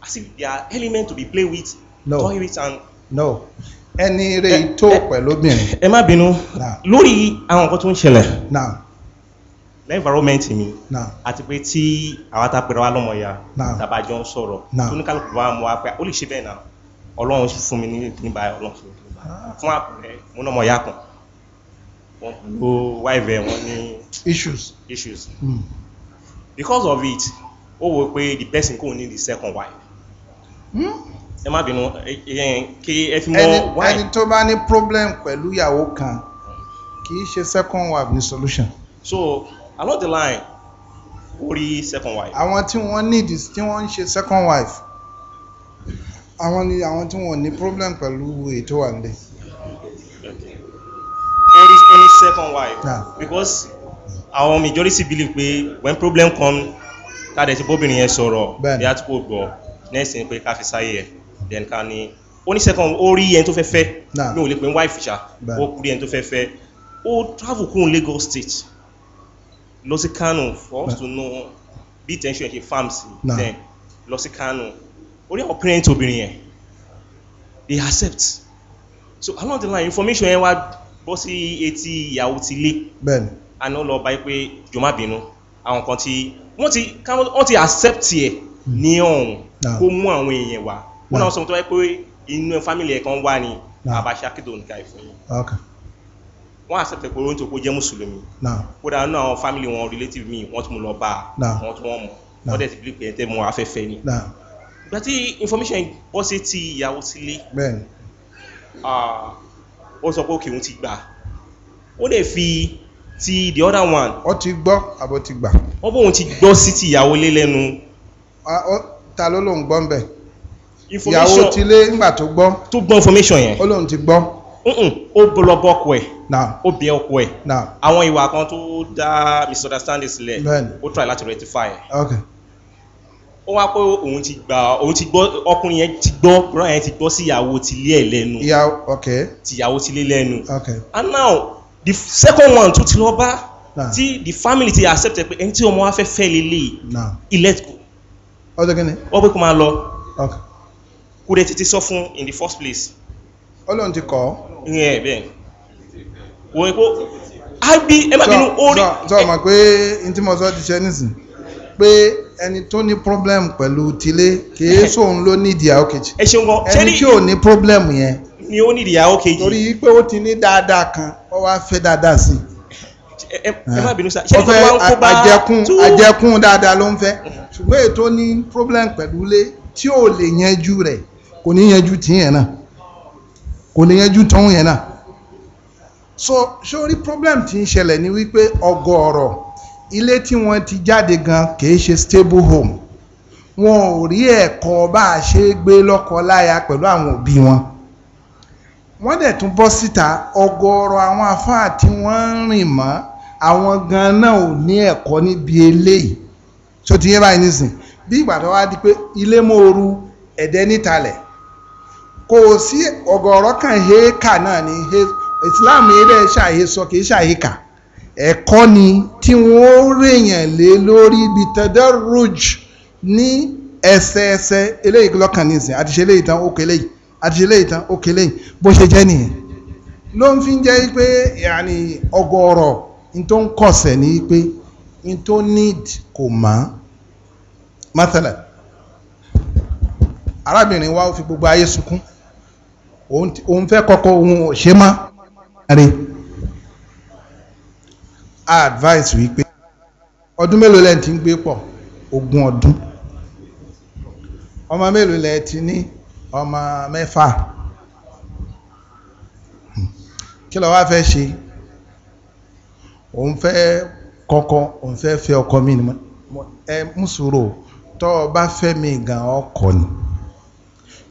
as if they are element to be play with no. toy with and. no ẹni rẹ̀ ìtò pẹ̀lú obìnrin. ẹ má bínú lórí àwọn nǹkan tó ń ṣẹlẹ̀ environment mi àti pé tí àwa ta pèrè wa lọ́mọ ya tàbá jọ ń sọ̀rọ̀ tó ní kálukú bá mú wa pé ó lè ṣe bẹ́ẹ̀ náà ọlọ́run fún mi ní nígbà ọlọ́run fún mi ah. fún àpẹẹrẹ mo náà ya kan wọn pẹ̀lú wife ẹ̀ wọn ní issues issues hmm. because of it ó wò pé the person kò ní the second wife. Mm? ẹ má bínú kí ẹ fi mọ why. ẹni tó bá ní problem pẹ̀lú ìyàwó kan kì í ṣe second wife ní solution. so along the line ó rí second wife. àwọn tí wọ́n need tí wọ́n ń ṣe second wife àwọn ni àwọn tí wọ́n ní problem pẹ̀lú ètò àǹdẹ. ó rí ó ní second wife. Yeah. because àwọn majority believe pé when problem come ká dẹ̀ ti bóbìnrin yẹn sọ̀rọ̀ bí a ti kò gbọ́ next thing pé ká fi sáyé ẹ̀ then ká ní ó ní second ó rí ẹni tó fẹ́ fẹ́ mi ò lè pè ń wife ṣá ó rí ẹni tó fẹ́ fẹ́ ó travel kúrò Lagos state lọ sí Kano for us to know bí tension ṣe farm sí then lọ sí Kano orí àwọn parent obìnrin yẹn they accept so along the line information yẹn wá bọ́ sí etí ìyàwó ti lé àná lọ báyìí pé jọ̀má bínú àwọn kan tí wọ́n ti accept ẹ̀ hmm. ní ọ̀hún kó mú àwọn èèyàn wá wọn náà sọ tó wáyé pé inú fámìlì ẹ̀ kan wà ní abáṣá kí tòun ká ìfún yín wọ́n accept pé oróńtò kó jẹ́ mùsùlùmí kódà nínú àwọn fámìlì wọn relative mi wọ́n tún mú lọ bá wọn tún wọ́n mọ̀ wọ́n dẹ̀ ti bí pé ẹ̀ tẹ́ mọ afẹ́fẹ́ ni gba tí information bọ́ sí ti ìyàwó sílé ó sọ pé òkè òun ti gbà ó lè fi ti the other one. ó ti gbọ́ àbó ti gbà. ó bóun ti gbọ́ sí ti ìyàwó lé lẹ́nu. ta ló lóun gbọ́ ń bẹ̀ information ìyàwó tilé ńgbà tó gbọ́ tó gbọ́ information yẹn ó lóun ti gbọ́ ó lọ bọ́ ọkọ ẹ̀ ó bẹ ọkọ ẹ̀ àwọn ìwà kan tó dá misunderstanding sílẹ̀ ó try láti rectify ẹ̀ ó wá pé òun ti gbà òun ti gbọ́ ọkùnrin yẹn ti gbọ́ ọkùnrin yẹn ti gbọ́ sí ìyàwó tilé ẹ̀ lẹ́nu tìyàwó tilé lẹ́nu and now the second one tó ti lọ bá tí the family ti accept ẹ pé ẹni tí ọmọ wa fẹ́ fẹ́ lélẹ̀ ilẹ̀ kù ọdún kìíní wọ́n pé kó máa lọ. Okay kó dẹ̀ tètè sọ fún in the first place. ọlọ́run ti kọ́. ìyẹn bẹ́ẹ̀ wọ́n yẹ kó ibi ẹ má bínú orí. sọ ma pé n tí mo sọ ti ṣe nísìn pé ẹni tó ní problem pẹ̀lú tilé kìí sóun ló ní ìdí àwọn kejì ẹni tí ò ní problem yẹn ni ó ní ìdí àwọn kejì torí pé ó ti ní dáadáa kan ó wá fẹ́ dáadáa sí i ẹ má ah. bínú sá ṣé ìjọba ń kó bá àjẹkùn àjẹkùn dáadáa ló ń fẹ́ ṣùgbọ́n ètò ní problem pẹ̀lú ilé tí ò lè yanjú rẹ̀ kò ní yanjú tí yẹn náà kò ní yanjú tọ́hún yẹn náà so sórí problem tí ń ṣẹlẹ̀ ni wípé ọgọ́rọ̀ ilé tí wọ́n ti jáde gan kìí ṣe stable home wọn ò rí ẹ̀kọ́ bá a ṣe gbé lọ́kọ láya pẹ̀lú àwọn òbí wọn wọ́n dẹ̀ tún bọ́ síta ọgọ́rọ̀ àwọn afáà tí wọ́n ń rìn mọ́ àwọn gan náà ò ní ẹ̀kọ́ níbi eléyìí tó ti yé báyìí nísìn bí ìgbà tó wá di pé ilé mòoru ẹ̀dẹ́ nítalẹ̀ kò sí ọ̀gọ̀ọ̀rọ̀ kan heka náà ni islam ilé ṣàhesọ kì í ṣàheka ẹ̀kọ́ ni tí wọ́n rèèyàn lé lórí ibi tadarruj ní ẹsẹẹsẹ eléyìí lọ́kàn ní ìsìn àti ṣe eléyìí tán ó kélé yìí àti ṣe eléyìí tán ó kélé yìí bó ṣe jẹ́ nìyẹn ló ń fi jẹ́ pé yàní n tó ń kọ̀sẹ̀ ní pé n tó need kò mọ́ mathala arábìnrin wa fi gbogbo ayé sunkún òun fẹ́ kọ́kọ́ òun ò ṣe mọ́ rí advice wípé ọdún mélòó lẹ́yìn tí ń gbé pọ̀ ogún ọdún ọmọ mélòó lẹ́yìn tí ní ọmọ mẹ́fà kí ló wá fẹ́ ṣe òun fẹ́ kọ́kọ́ òun fẹ́ fẹ́ ọkọ mi ni ẹ mú sùúrù tọ́ ọ bá fẹ́ mi gan ọkọ ni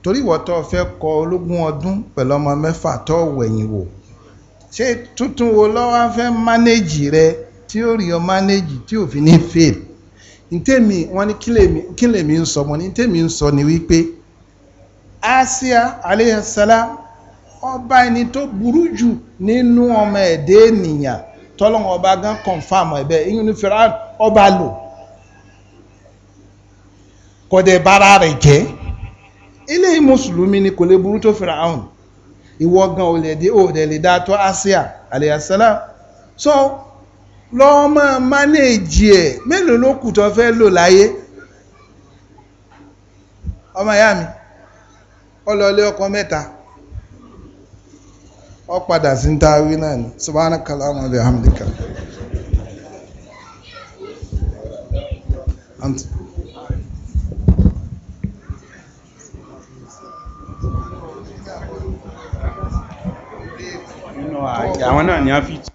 torí ìwọ tó fẹ́ kọ ológun ọdún pẹ̀lú ọmọ mẹ́fà tó wẹ̀yìn wò ṣé tuntun wo lọ́wọ́ fẹ́ mánéjì rẹ tí ó rí ọ mánéjì tí ò fi ní fail ntẹ́mi wọ́n ní kí lèmi ń sọ mọ́ ní ntẹ́mi ń sọ ni wípé Asia aleyhisselam ọba ẹni tó burú jù nínú ọmọ ẹ̀dẹ́ ènìyàn tọ́lọ́wọ́n ọba gan confam ẹ̀bẹ̀ ìyún ní fẹ́ràn ọba lò kọ́dẹ̀ bára rẹ̀ jẹ́ ilé mùsùlùmí ni kò lè burú tó Firaun ìwọ gan ò lè dé ò dẹ̀ lè dáa tó Asia alayasala so lọ máa mánéèjì ẹ̀ mélòó ló kù tó fẹ́ lò láyé ọmọ ìyá mi ọlọ́lé ọkọ mẹ́ta ọ padà sí ń taari náà ni subhanakallahumma wa bihamdika. àwọn náà ni a fi tí